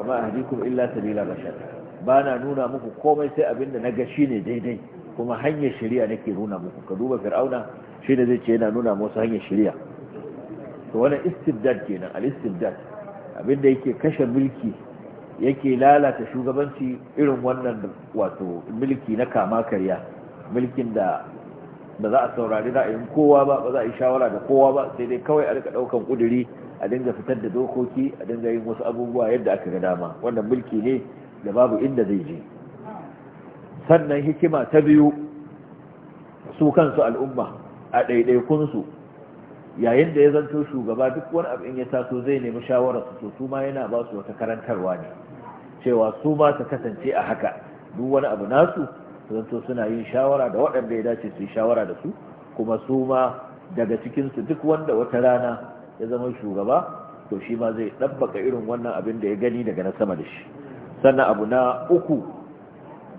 S1: wa ma ahdikum illa sabila bashar ba na nuna muku komai sai abinda na ga shi ne daidai kuma hanyar shari'a nake nuna muku ka duba fir'auna shi ne zai ce yana nuna musu hanyar shari'a to wani istibdad kenan al istibdad abinda yake kashe mulki yake lalata shugabanci irin wannan wato mulki na kama karya mulkin da ba za a saurari ra'ayin kowa ba ba za a yi shawara da kowa ba sai dai kawai a rika daukan kuduri a dinga fitar da dokoki a dinga yin wasu abubuwa yadda aka ga dama wannan mulki ne da babu inda zai je sannan hikima ta biyu su kansu al'umma a ɗaiɗaikunsu yayin da ya zanto shugaba duk wani abin ya taso zai nemi shawararsu to su ma yana ba su wata karantarwa ne cewa su ma su kasance a haka duk wani abu nasu zanto suna yin shawara da waɗanda ya dace su yi shawara da su kuma su ma daga cikinsu duk wanda wata rana ya zama shugaba to shi ma zai ɗabbaka irin wannan abin da ya gani daga na sama da shi sannan abu na uku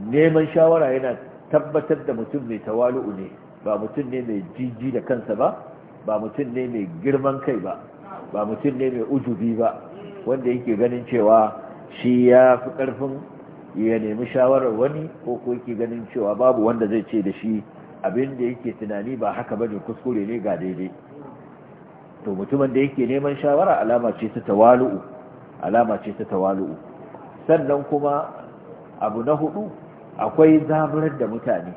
S1: neman shawara yana tabbatar da mutum mai tawalu'u ne ba mutum ne mai jiji da kansa ba ba mutum ne mai girman kai ba ba mutum ne mai ujubi ba wanda yake ganin cewa shi ya fi karfin ya nemi shawarar wani ko ko yake ganin cewa babu wanda zai ce da shi abin da yake tunani ba haka ba ne, kuskure ne ga daidai to mutumin da yake neman shawara alama ce ta tawalu'u alama ce ta tawalu'u sannan kuma abu na hudu akwai zaburar da mutane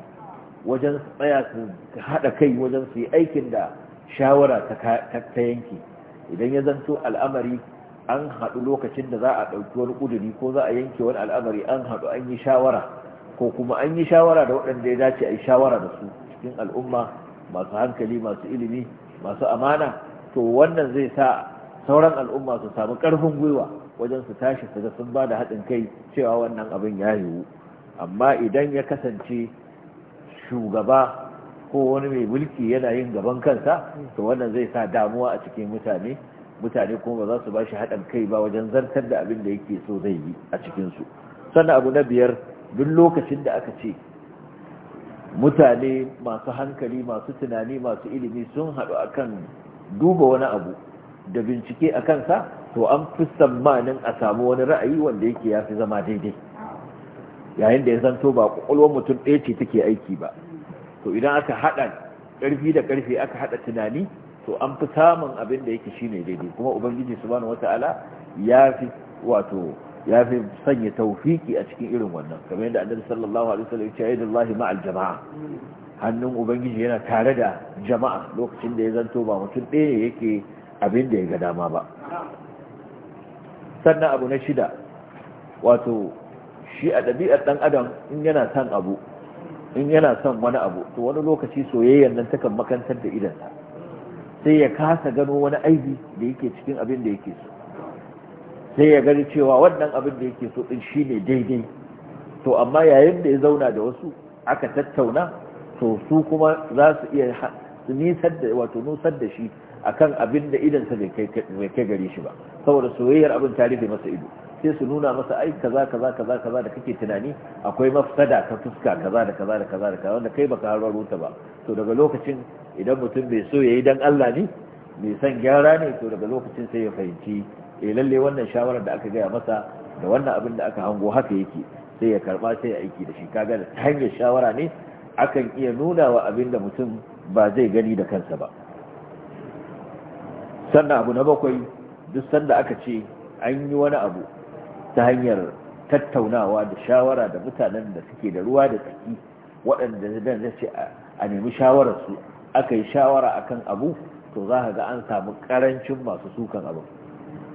S1: wajen tsaya su haɗa kai wajen su yi aikin da shawara ta yanki idan ya zanto al'amari an haɗu lokacin da za a ɗauki wani ƙuduri ko za a yanke wani al'amari an haɗu an yi shawara ko kuma an yi shawara da waɗanda ya dace a yi shawara da su cikin al'umma masu hankali masu ilimi masu amana to wannan zai sa sauran al'umma su samu ƙarfin gwiwa wajen su tashi su ga sun ba da haɗin kai cewa wannan abin ya yiwu amma idan ya kasance shugaba ko wani mai mulki yana yin gaban kansa to wannan zai sa damuwa a cikin mutane mutane kuma ba za su ba shi haɗin kai ba wajen zartar da abin da yake so zai yi a cikinsu sannan abu na biyar duk lokacin da aka ce mutane masu hankali masu tunani masu ilimi sun haɗu akan duba wani abu da bincike a kansa to an fi tsammanin a samu wani ra'ayi wanda yake ya fi zama daidai yayin da ya zanto ba kwakwalwar mutum ɗaya ce take aiki ba to idan aka haɗa ƙarfi da ƙarfi aka haɗa tunani to an fi samun abin da yake shine daidai kuma ubangiji subhanahu wata'ala ya fi wato ya fi sanya taufiki a cikin irin wannan kamar yadda annabi sallallahu alaihi wasallam ya ce ma al jama'a hannun ubangiji yana tare da jama'a lokacin da ya zanto ba mutum ɗaya ne yake abin da ya ga dama ba sannan abu na shida wato shi a ɗabi'ar ɗan adam in yana son abu in yana son wani abu to wani lokaci soyayyar nan takan makantar da idansa sai ya kasa gano wani aibi da yake cikin abin da yake so sai ya gani cewa wannan abin da yake so din shine daidai to amma yayin da ya zauna da wasu aka tattauna to su kuma za su iya nisar da wato nusar da shi akan abin da sa bai kai gari shi ba saboda soyayyar abin ta rufe masa ido sai su nuna masa ai kaza kaza kaza kaza da kake tunani akwai mafsada ta fuska kaza da kaza da kaza da kaza wanda kai baka haro ta ba to daga lokacin idan mutum bai so yayi dan Allah ne bai san gyara ne to daga lokacin sai ya fahimci eh lalle wannan shawarar da aka gaya masa da wannan abin da aka hango haka yake sai ya karba sai ya aiki da shi kaga da hanyar shawara ne akan iya nuna wa abin da mutum ba zai gani da kansa ba sannan abu na bakwai duk sanda aka ce an yi wani abu ta hanyar tattaunawa da shawara da mutanen da suke da ruwa da tsaki waɗanda zan ce a nemi shawararsu aka yi shawara akan abu to za ka ga an samu ƙarancin masu sukan abu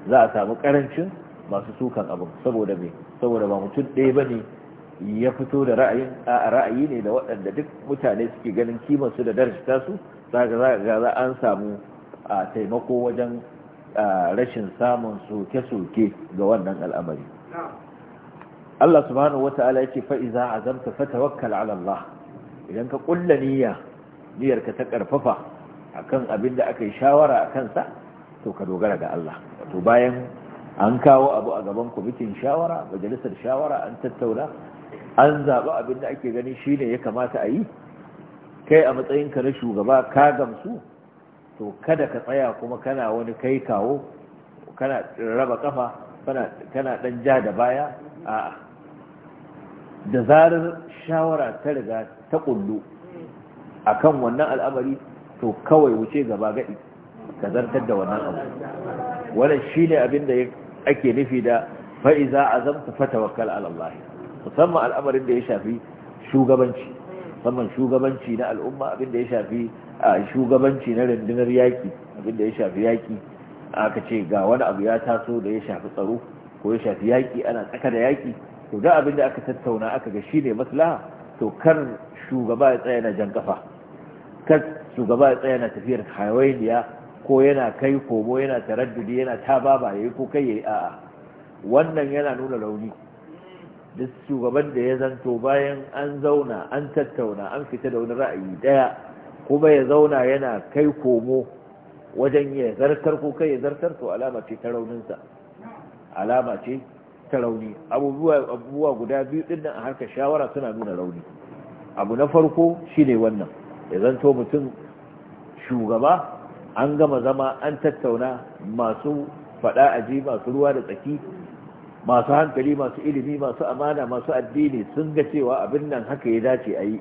S1: za a samu ƙarancin masu sukan abu saboda mai saboda ba mutum ɗaya ba ne ya fito da ra'ayin a ra'ayi ne da waɗanda duk mutane suke ganin kimansu da darajta su za ka ga an samu a taimako wajen rashin samun soke-soke ga wannan al'amari Allah subhanahu wata'ala yake fa'iza azamta fata ala Allah idan ka kulla niyya niyyarka ta karfafa akan abin da aka yi shawara a kansa to ka dogara ga Allah to bayan an kawo abu a gaban kwamitin shawara majalisar shawara an tattauna an zaɓi abin da ake gani ne ya kamata a yi kai a matsayinka na shugaba ka gamsu to kada ka tsaya kuma kana wani kai kawo kana raba kafa kana dan ja da baya a da zarar shawara ta riga ta kullu akan wannan al'amari to kawai wuce gaba gadi ka zartar da wannan abu wannan shine abin da ake nufi da fa'iza azamta fata ala Allah musamman al'amarin da ya shafi shugabanci musamman shugabanci na al'umma abinda ya shafi shugabanci na rundunar yaki abinda ya shafi yaki aka ce ga wani abu ya taso da ya shafi tsaro ko ya shafi yaki ana tsaka da yaki to da abin da aka tattauna aka ga shine maslaha to kar shugaba ya tsaya na jan kafa kar shugaba ya tsaya na tafiyar hawainiya ko yana kai komo yana taraddudi yana tababa yayi ko kai yayi a'a wannan yana nuna rauni duk shugaban da ya zanto bayan an zauna an tattauna an fita da wani ra'ayi daya kuma ya zauna yana kai komo wajen ya zartar ko kai ya zartar to alama ce ta rauninsa alama ce ta rauni abubuwa guda biyu din nan a harkar shawara suna nuna rauni abu na farko shine wannan ya zanto mutum shugaba an gama zama an tattauna masu fada aji masu ruwa da tsaki masu hankali masu ilimi masu amana masu addini sun ga cewa abin nan haka ya dace a yi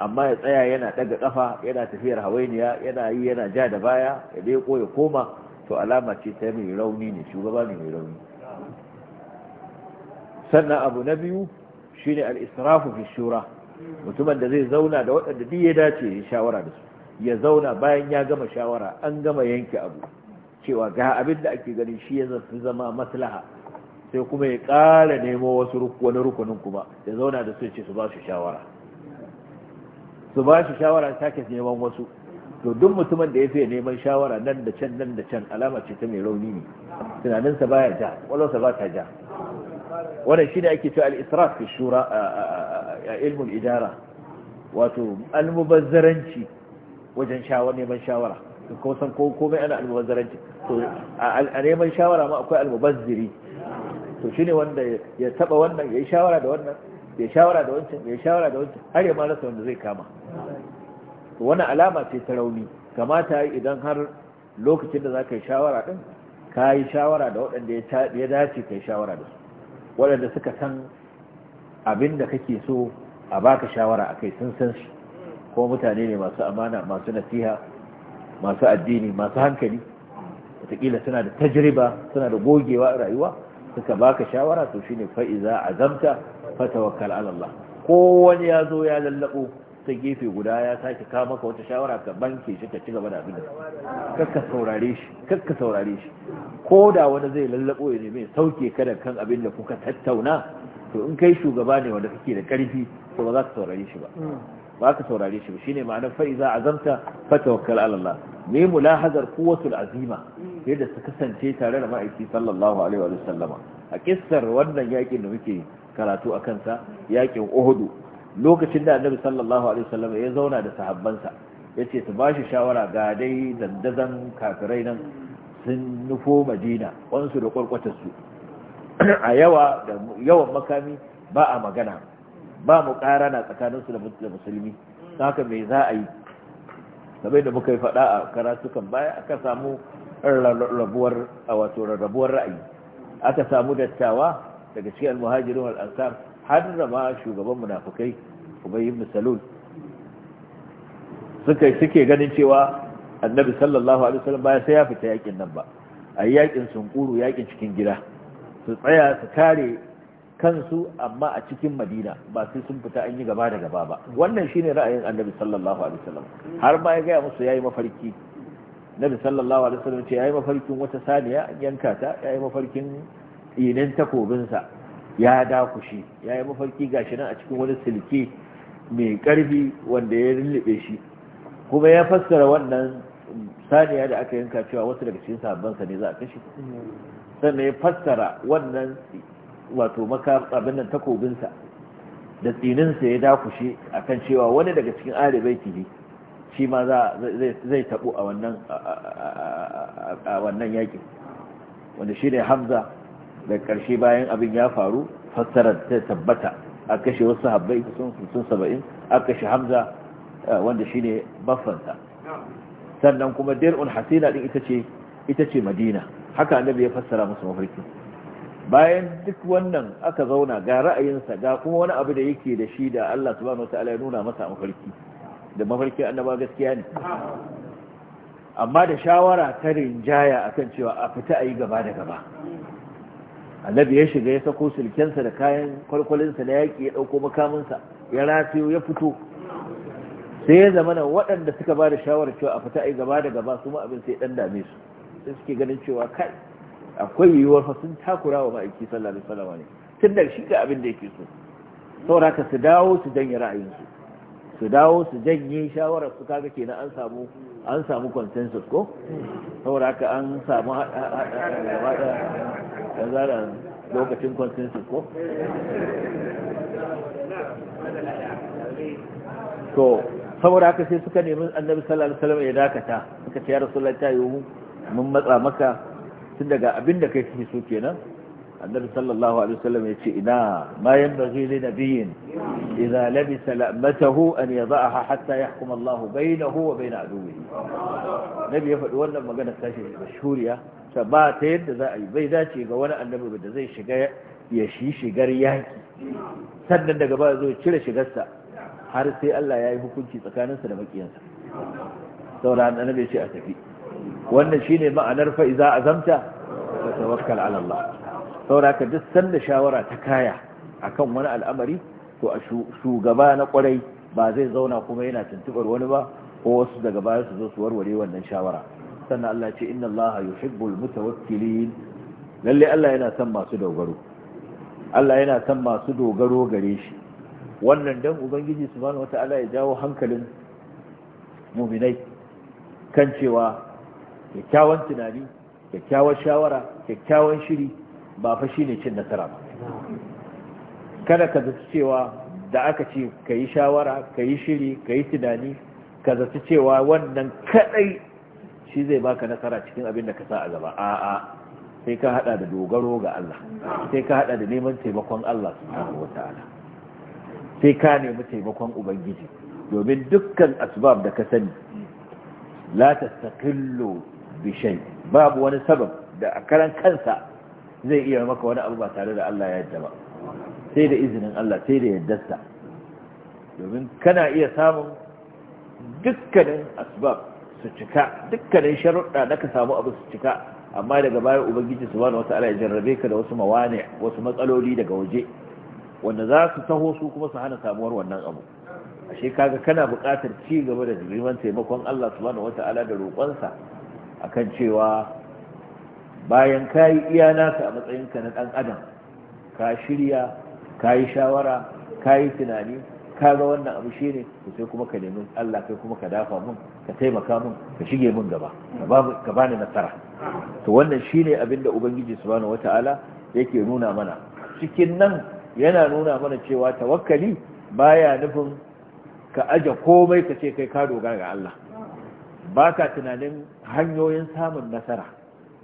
S1: amma ya tsaya yana daga kafa yana tafiyar hawainiya yana yi yana ja da baya ya leko ya koma to alama ce ta mai rauni ne shugaba ne mai rauni sannan abu na biyu shine al-israfu fi shura mutumin da zai zauna da waɗanda duk ya dace ya shawara da su ya zauna bayan ya gama shawara an gama yanke abu cewa ga abin da ake ganin shi ya zama maslaha sai kuma ya ƙara nemo wasu wani rukunin kuma ya zauna da su ce su ba su shawara su ba su shawara sake neman wasu to duk mutumin da ya fiye neman shawara nan da can nan da can alama ce ta mai rauni ne tunaninsa baya ja walwarsa ba ta ja wannan shi ne ake cewa al fi shura a ilmul idara wato almubazzaranci wajen shawar neman shawara ko san komai ana almubazzaranci to a neman shawara ma akwai almubazziri to shine wanda ya taba wannan ya yi shawara da wannan ya shawara da wancan ya shawara da wancan har ya ma rasa wanda zai kama to wani alama ce ta rauni kamata idan har lokacin da za ka yi shawara din ka yi shawara da waɗanda ya dace ka yi shawara da su waɗanda suka san abin da kake so a baka shawara a kai sun san shi ko mutane ne masu amana masu nasiha masu addini masu hankali wataƙila suna da tajriba suna da gogewa a rayuwa suka baka shawara to shine fa iza azamta fatawakkal ala Allah ko wani ya zo ya lallabo ta gefe guda ya saki ka maka wata shawara ka banke shi ka ci gaba da abin kakka saurare shi kakka saurare shi ko da wani zai lallabo ya nemi sauke ka da kan abin da kuka tattauna to in kai shugaba ne wanda kake da karfi to ba za ka saurare shi ba ba ka saurare shi shine ma'anar fa iza azamta fa tawakkal ala Allah me mulahazar quwwatul azima yadda ta kasance tare da ma'aiki sallallahu alaihi wa sallama a kissar wannan yakin da muke karatu a kansa yakin Uhud lokacin da Annabi sallallahu alaihi wa sallama ya zauna da sahabbansa yace su bashi shawara ga dai dandazan kafirai nan sun nufo Madina wansu da kwarkwatar su a yawa da yawan makami ba a magana ba mu tsakanin su da musulmi haka mai za a yi sabai da muka yi faɗa a karatukan baya aka samu rarrabuwar a wato rarrabuwar ra'ayi aka samu dattawa daga cikin almuhajirin al'ansar har da ma shugaban munafukai ubayin misalun suka suke ganin cewa annabi sallallahu alaihi wasallam baya sai ya fita yakin nan ba a yakin sunkuru yakin cikin gida su tsaya su kare kansu amma a cikin madina ba sai sun fita an yi gaba da gaba ba wannan shine ra'ayin annabi sallallahu alaihi wasallam har ma ya gaya musu yayi mafarki nabi sallallahu alaihi wasallam ce yayi mafarkin wata saniya an yanka ta yayi mafarkin inin takobin sa ya dakushi yayi mafarki gashi nan a cikin wani silke mai karfi wanda ya rillibe shi kuma ya fassara wannan saniya da aka yanka cewa wasu daga cikin sahabban sa ne za a kashe sannan ya fassara wannan wato maka abin nan takobinsa da tsininsa ya dakushe kan cewa wani daga cikin ahli baiti ne shi ma zai tabo a wannan a wannan yakin wanda Hamza da karshe bayan abin ya faru fassara ta tabbata a kashe wasu habbai sun sun saba'in a kashe Hamza wanda shi ne baffansa sannan kuma dir'un hasina din ita ce ita ce Madina haka annabi ya fassara musu mafarkin bayan duk wannan aka zauna ga ra'ayinsa ga kuma wani abu da yake da shi da Allah subhanahu wataala ya nuna masa mafarki da mafarki annaba gaskiya ne amma da shawara ta rinjaya akan cewa a fita a yi gaba da gaba annabi ya shiga ya sako sa da kayan kwalkwalinsa na yaki ya ɗauko makaminsa ya ratayo ya fito sai ya zama na waɗanda suka ba da shawarar cewa a fita a yi gaba da gaba su ma abin sai ɗan dame su sai suke ganin cewa kai akwai yiwuwar fa sun takura wa ma'aiki sallallahu alaihi wasallam ne tun da shi ga abin da yake so saboda ka su dawo su janye ra'ayinsu su dawo su janye shawarar su kaga kenan an samu an samu consensus ko saboda ka an samu gaba lokacin consensus ko to saboda haka sai suka nemi annabi sallallahu alaihi wasallam ya dakata suka ce ya rasulullahi ta yi mun matsa maka tun daga abin da kai fi so kenan annabi sallallahu alaihi wasallam ya ce ina ma yanbaghi li nabiyyin idza labisa la'matahu an yadha'aha hatta yahkum Allah bainahu wa bain aduwwihi nabi ya faɗi wannan magana ta shi mashhuriya ta ba ta yadda za a yi bai dace ga wani annabi da zai shiga ya shi shigar yaki sannan daga ba zo cire shigarsa har sai Allah ya yi hukunci tsakaninsa da makiyansa saboda annabi ya ce a tafi wannan shine ma'anar fa iza azamta ta tawakkal ala sauraka duk sanda shawara ta kaya akan wani al'amari to a shugaba na kwarai ba zai zauna kuma yana tuntubar wani ba ko wasu daga baya su zo su warware wannan shawara sannan Allah ce inna Allah yuhibbul mutawakkilin lalle Allah yana son masu dogaro Allah yana son masu dogaro gare shi wannan dan ubangiji subhanahu wataala ya jawo hankalin mu'minai kan cewa kyakkyawan tunani kyakkyawan shawara kyakkyawan shiri ba fa shine cin nasara ba kada ka zaci cewa da aka ce ka yi shawara ka yi shiri ka yi tunani ka zaci cewa wannan kadai shi zai baka nasara cikin abin da ka sa a gaba a'a sai ka hada da dogaro ga Allah sai ka hada da neman taimakon Allah subhanahu wataala sai ka nemi taimakon ubangiji domin dukkan asbab da ka sani la tastaqillu bishai babu wani sabab da a karan kansa zai iya maka wani abu ba tare da Allah ya yadda ba sai da izinin Allah sai da yaddarsa domin kana iya samun dukkanin asbab su cika dukkanin sharuɗa na ka samu abu su cika amma daga baya ubangiji su wani wata ala ya jarrabe ka da wasu mawane wasu matsaloli daga waje wanda za su taho su kuma su hana samuwar wannan abu ashe kaga kana buƙatar ci gaba da neman taimakon Allah wata ala da roƙonsa akan cewa bayan kayi iya naka a matsayinka na ɗan adam ka shirya ka yi shawara ka yi tunani ka ga wannan abu shi ne sai kuma ka nemi Allah kai kuma ka dafa mun ka taimaka mun ka shige mun gaba ka bani nasara to wannan shi ne abin da ubangiji subhanahu wata'ala yake nuna mana cikin nan yana nuna mana cewa tawakkali baya nufin ka aje komai ka ce kai ka dogara ga Allah baka tunanin hanyoyin samun nasara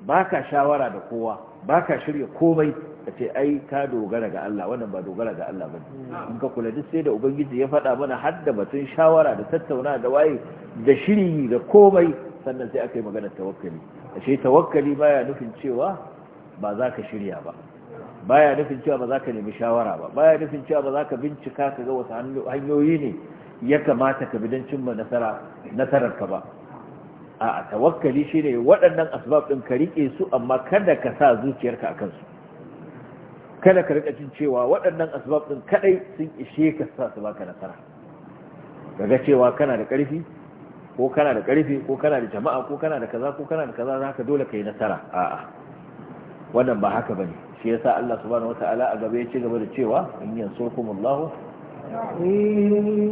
S1: ba ka shawara da kowa ba ka shirya komai ka ce ai ka dogara ga Allah wannan ba dogara ga Allah ba mm. in ka kula duk sai da ubangiji ya faɗa mana har da batun shawara da tattauna da waye da shiri da komai sannan sai aka yi magana tawakkali ashe tawakkali baya nufin cewa ba za ka shirya ba baya nufin cewa ba za ka nemi shawara ba baya nufin cewa ba za ka bincika ka ga wasu hanyoyi ne ya kamata ka bi don cimma nasara nasararka ba a tawakkali shine waɗannan asbab ɗin ka rike su amma kada ka sa zuciyarka a kansu. kada ka rika cin cewa waɗannan asbab ɗin kaɗai sun ishe ka sa su baka nasara kaga cewa kana da ƙarfi ko kana da ƙarfi ko kana da jama'a ko kana da kaza ko kana da kaza zaka dole yi nasara a'a wannan ba haka bane shi yasa Allah subhanahu wataala a gaba ya ci gaba da cewa in yansurkumullahu
S2: إن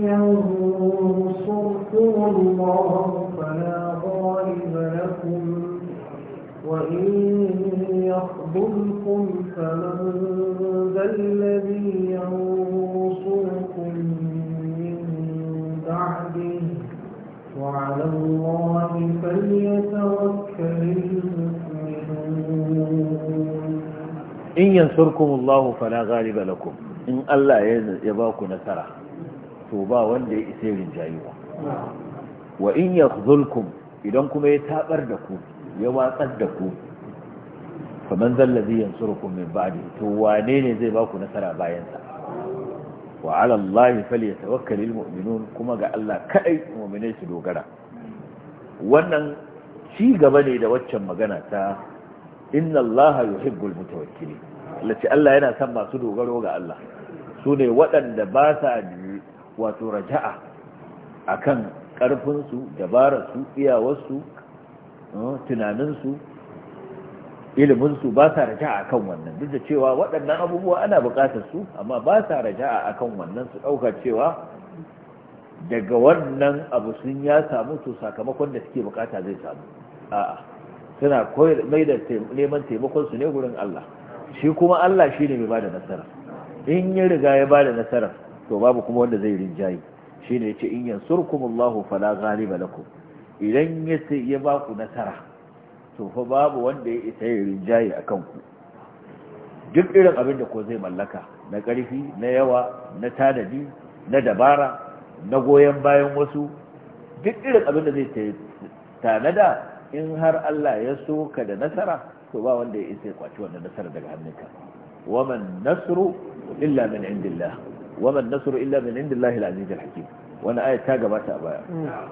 S2: ينصركم الله فلا غالب لكم وإن يخذلكم فمن ذا الذي ينصركم من بعده وعلى الله فليتوكل المؤمنون
S1: in yansurkumullahu fala ghaliba lakum in Allah ya ba ku nasara to ba wanda ya isa rinjayi ba wa in yakhzulkum idan kuma ya tabar da ku ya watsar da ku faman zallazi yansurukum min ba'di to wane ne zai ba ku nasara bayan sa wa ala Allah falyatawakkalul mu'minun kuma ga Allah kadai mu'minai su dogara wannan ci gaba ne da waccan magana ta inna Allah yuhibbul mutawakkili lati Allah yana son masu dogaro ga Allah su ne waɗanda ba sa wato raja'a akan ƙarfinsu dabararsu iyawarsu eh, tunaninsu iliminsu ba sa raja'a akan wannan duk da cewa waɗannan abubuwa ana buƙatar su amma ba sa raja'a akan wannan su ɗauka cewa daga wannan abu sun ya samu to sakamakon da suke buƙata zai samu a'a suna mai da neman taimakon su ne gurin Allah shi kuma Allah shi ne mai bada nasara in ya riga ya ba da nasara to babu kuma wanda zai rinjayi shi ne ce in yansurkumullahu fala ghaliba lakum idan ya ya ba ku nasara to fa babu wanda ya isa ya rinjaye akan ku duk irin abin da ko zai mallaka na ƙarfi na yawa na tanadi na dabara na goyon bayan wasu duk irin abin da zai tanada in har Allah ya so ka da nasara to ba wanda ya isa ya kwaci wannan nasara daga hannunka waman nasru illa min indillah waman nasru illa min indillah al-aziz al-hakim wannan aya ta gabata a baya mm.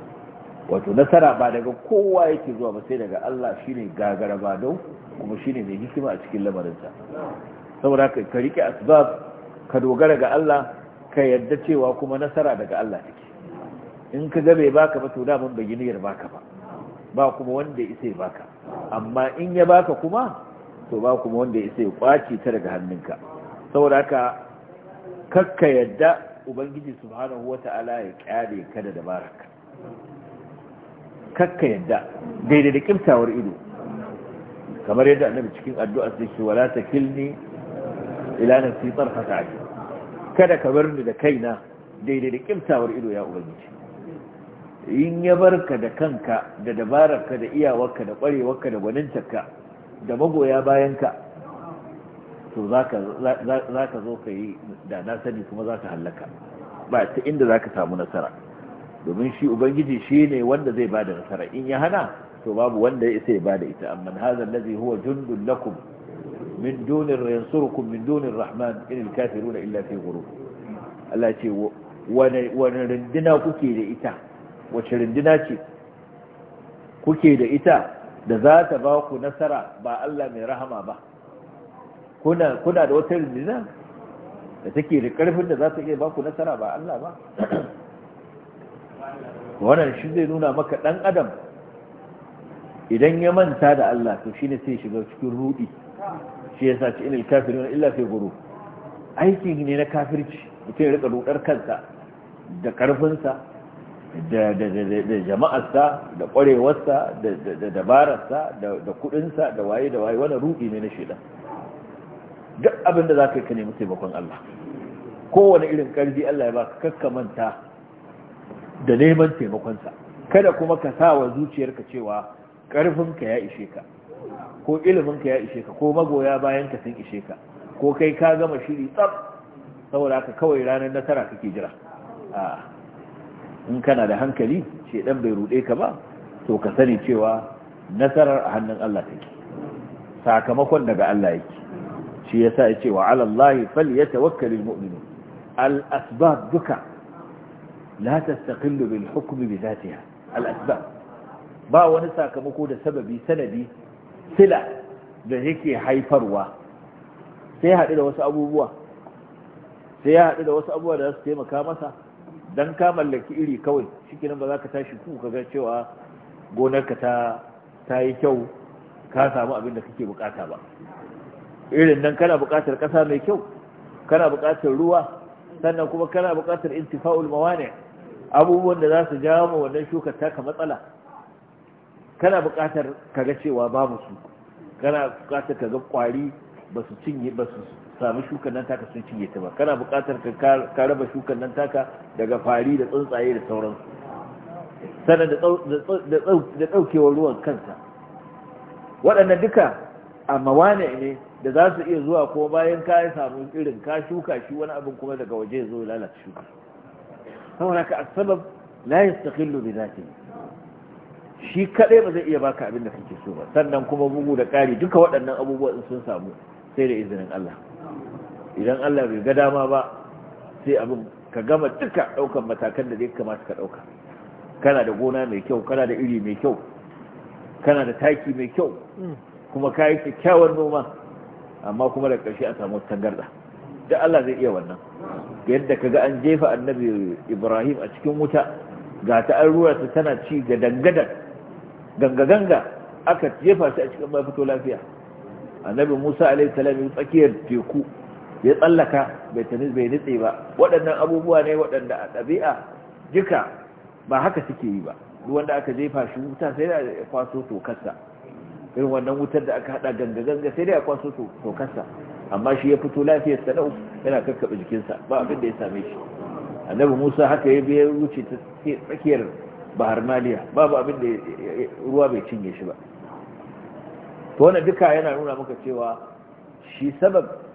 S1: wato nasara ba daga kowa yake zuwa ba sai daga Allah shine gagara ba dau kuma shine mai hikima a cikin lamarinsa saboda ka rike asbab ka dogara ga Allah ka yadda cewa kuma nasara daga Allah take in ka ga bai baka ba to da ban bayyiniyar baka ba ba kuma wanda isa ya baka amma in ya baka kuma to ba kuma wanda isa ya kwace ta daga hannunka saboda haka kakka yadda ubangiji subhanahu wata'ala ya kyale ka da dabaraka kakka yadda daidai da kimtawar ido kamar yadda annabi cikin addu'a sai shi wala takilni ila nafsi tarfata ayn kada ka bar ni da kaina daidai da kimtawar ido ya ubangiji in ya barka da kanka da dabararka da iyawarka da kwarewarka da gwanintarka da magoya bayanka to za ka zo ka yi da na sani kuma za ka hallaka ba ta inda za ka samu nasara domin shi ubangiji shi ne wanda zai ba da nasara in ya hana to babu wanda ya isa ya ba da ita amma hazan allazi huwa jundun lakum min dunin yansurukum min dunin rahman in alkafiruna illa fi ghurur Allah ce wani rundina kuke da ita wace rindina ce kuke da ita da za ta ba ku nasara ba Allah mai rahama ba kuna da wata rindina da take da karfin da za ta iya ba ku nasara ba Allah ba wannan shi zai nuna maka dan adam idan ya manta da Allah to shine sai shiga cikin rudi shi yasa ci inil wani illa fi guru aiki ne na kafirci mutum ya rika rudar kansa da karfinsa da jama'arsa da kwarewarsa da dabararsa da kudinsa da waye da waye wani ruɗi ne na shida duk abinda da za ka yi ka nemi taimakon Allah kowane irin ƙarfi Allah ya ba ka kakkamanta da neman taimakonsa kada kuma ka sa wa zuciyarka cewa ƙarfinka ya ishe ka ko iliminka ya ishe ka ko magoya bayanka sun ishe ka ko kai ka gama shiri tsab saboda ka kawai ranar nasara kake jira ah. in kana da hankali shedan bai rude ka ba to ka sani cewa nasarar a hannun Allah take sakamakon daga Allah yake shi yasa yace wa ala Allah falyatawakkalul mu'minun al asbab duka la tastaqillu bil hukmi bi zatiha al asbab ba wani sakamako da sababi sanadi sila da yake haifarwa sai haɗu da wasu abubuwa sai ya haɗu da wasu abubuwa da za su taimaka masa dan ka mallaki iri kawai shikenan ba za ka tashi ku ka ga cewa gonarka ta ta yi kyau ka samu abin da kake bukata ba irin nan kana bukatar kasa mai kyau kana bukatar ruwa sannan kuma kana bukatar intifa'ul mawani abubuwan da za su jawo ma wannan shukar taka matsala kana bukatar kaga cewa babu su kana bukatar kaga kwari ba su cinye ba su sami shukan nan taka sun cinye ta ba kana buƙatar ka raba shukan nan taka daga fari da tsuntsaye da sauransu sannan da daukewar ruwan kansa waɗannan duka a mawane ne da za su iya zuwa ko bayan ka samu irin ka shuka shi wani abin kuma daga waje zo lalata shuka saboda ka asbab la yastaqillu bi zati shi kadai ba zai iya baka abin da kake so ba sannan kuma bugu da ƙari duka waɗannan abubuwa sun samu sai da izinin Allah idan Allah bai ga dama ba sai abin ka gama duka daukan matakan da zai kamata ka dauka kana da gona mai kyau kana da iri mai kyau kana da taki mai kyau hmm. kuma ka yi kyakkyawar noma amma kuma da ƙarshe a samu tangarda da Allah zai iya wannan yadda kaga an jefa annabi Ibrahim a cikin wuta ga ta an ruwa ta tana ci ga dangadan ganga-ganga aka jefa shi a cikin bai fito lafiya annabi Musa alaihi salam ya tsakiyar teku ya tsallaka bai bai nitse ba waɗannan abubuwa ne waɗanda a ɗabi'a jika ba haka suke yi ba wanda aka jefa shi wuta sai da ya kwaso tokarsa irin wannan wutar da aka haɗa ganga-ganga sai da ya kwaso tokarsa amma shi ya fito lafiyar sana'u yana kakkaɓe jikinsa ba abin da ya same shi annabi musa haka ya biya wuce ta tsakiyar bahar maliya babu abin da ruwa bai cinye shi ba to wannan duka yana nuna maka cewa shi sabab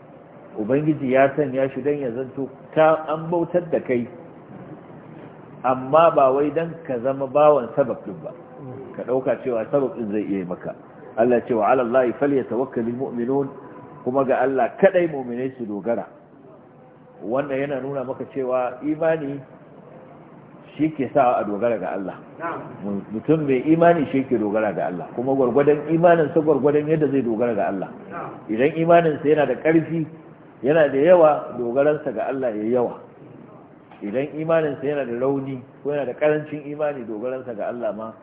S1: ubangiji ya sanya shi don ya zanto ta an bautar da kai amma ba wai don ka zama bawan sabab din ba ka ɗauka cewa sabab din zai iya maka Allah cewa alallahi falle ya yatawakkal mu'minun kuma ga Allah kadai mu'minai su dogara wannan yana nuna maka cewa imani shi ke sa a dogara ga Allah mutum mai imani shi ke dogara ga Allah kuma gwargwadon imaninsa gwargwadon yadda zai dogara ga Allah idan imaninsa yana da ƙarfi yana da yawa dogaransa ga Allah ya yawa idan imaninsa yana da rauni ko yana da karancin imani dogaransa ga Allah ma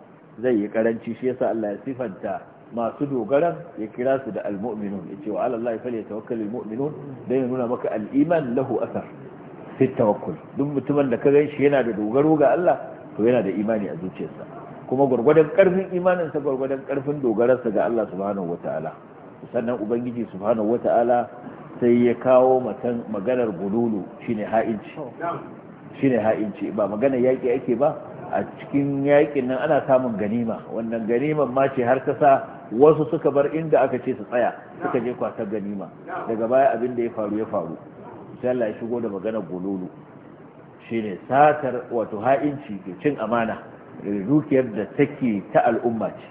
S1: zai yi karanci shi yasa Allah ya sifanta masu dogaran ya kira su da almu'minun yace wa ala Allah tawakkal almu'minun dan ya nuna maka al-iman lahu asar fi tawakkul duk mutumin da ka gan shi yana da dogaro ga Allah to yana da imani a zuciyarsa kuma gurgurdan karfin imaninsa gurgurdan karfin dogararsa ga Allah subhanahu wataala sannan ubangiji subhanahu wataala sai ya kawo matan maganar gululu shine ha'inci shine ha'inci ba maganar yaƙi ake ba a cikin yaƙin nan ana samun ganima wannan ganiman ma ce har ta sa wasu suka bar inda aka ce su tsaya suka je kwatar ganima daga baya abin da ya faru ya faru sai Allah ya shigo da maganar gululu shine satar wato ha'inci ke cin amana dukiyar da take ta al'umma ce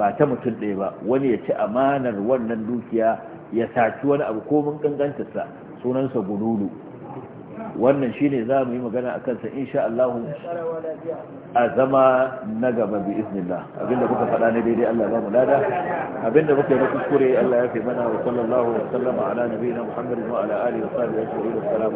S1: ba ta mutum ɗaya ba wani ya ci amanar wannan dukiya ya saci wani abu ko mun kankantarsa sunansa gululu wannan shine za mu yi magana a kansa insha Allah a zama na gaba bi iznillah abinda kuka faɗa ne daidai Allah ba mu lada abinda muka yi na kuskure Allah ya fi mana wa sallallahu wa sallama ala nabiyina Muhammadin wa ala alihi wa sahbihi wa sallam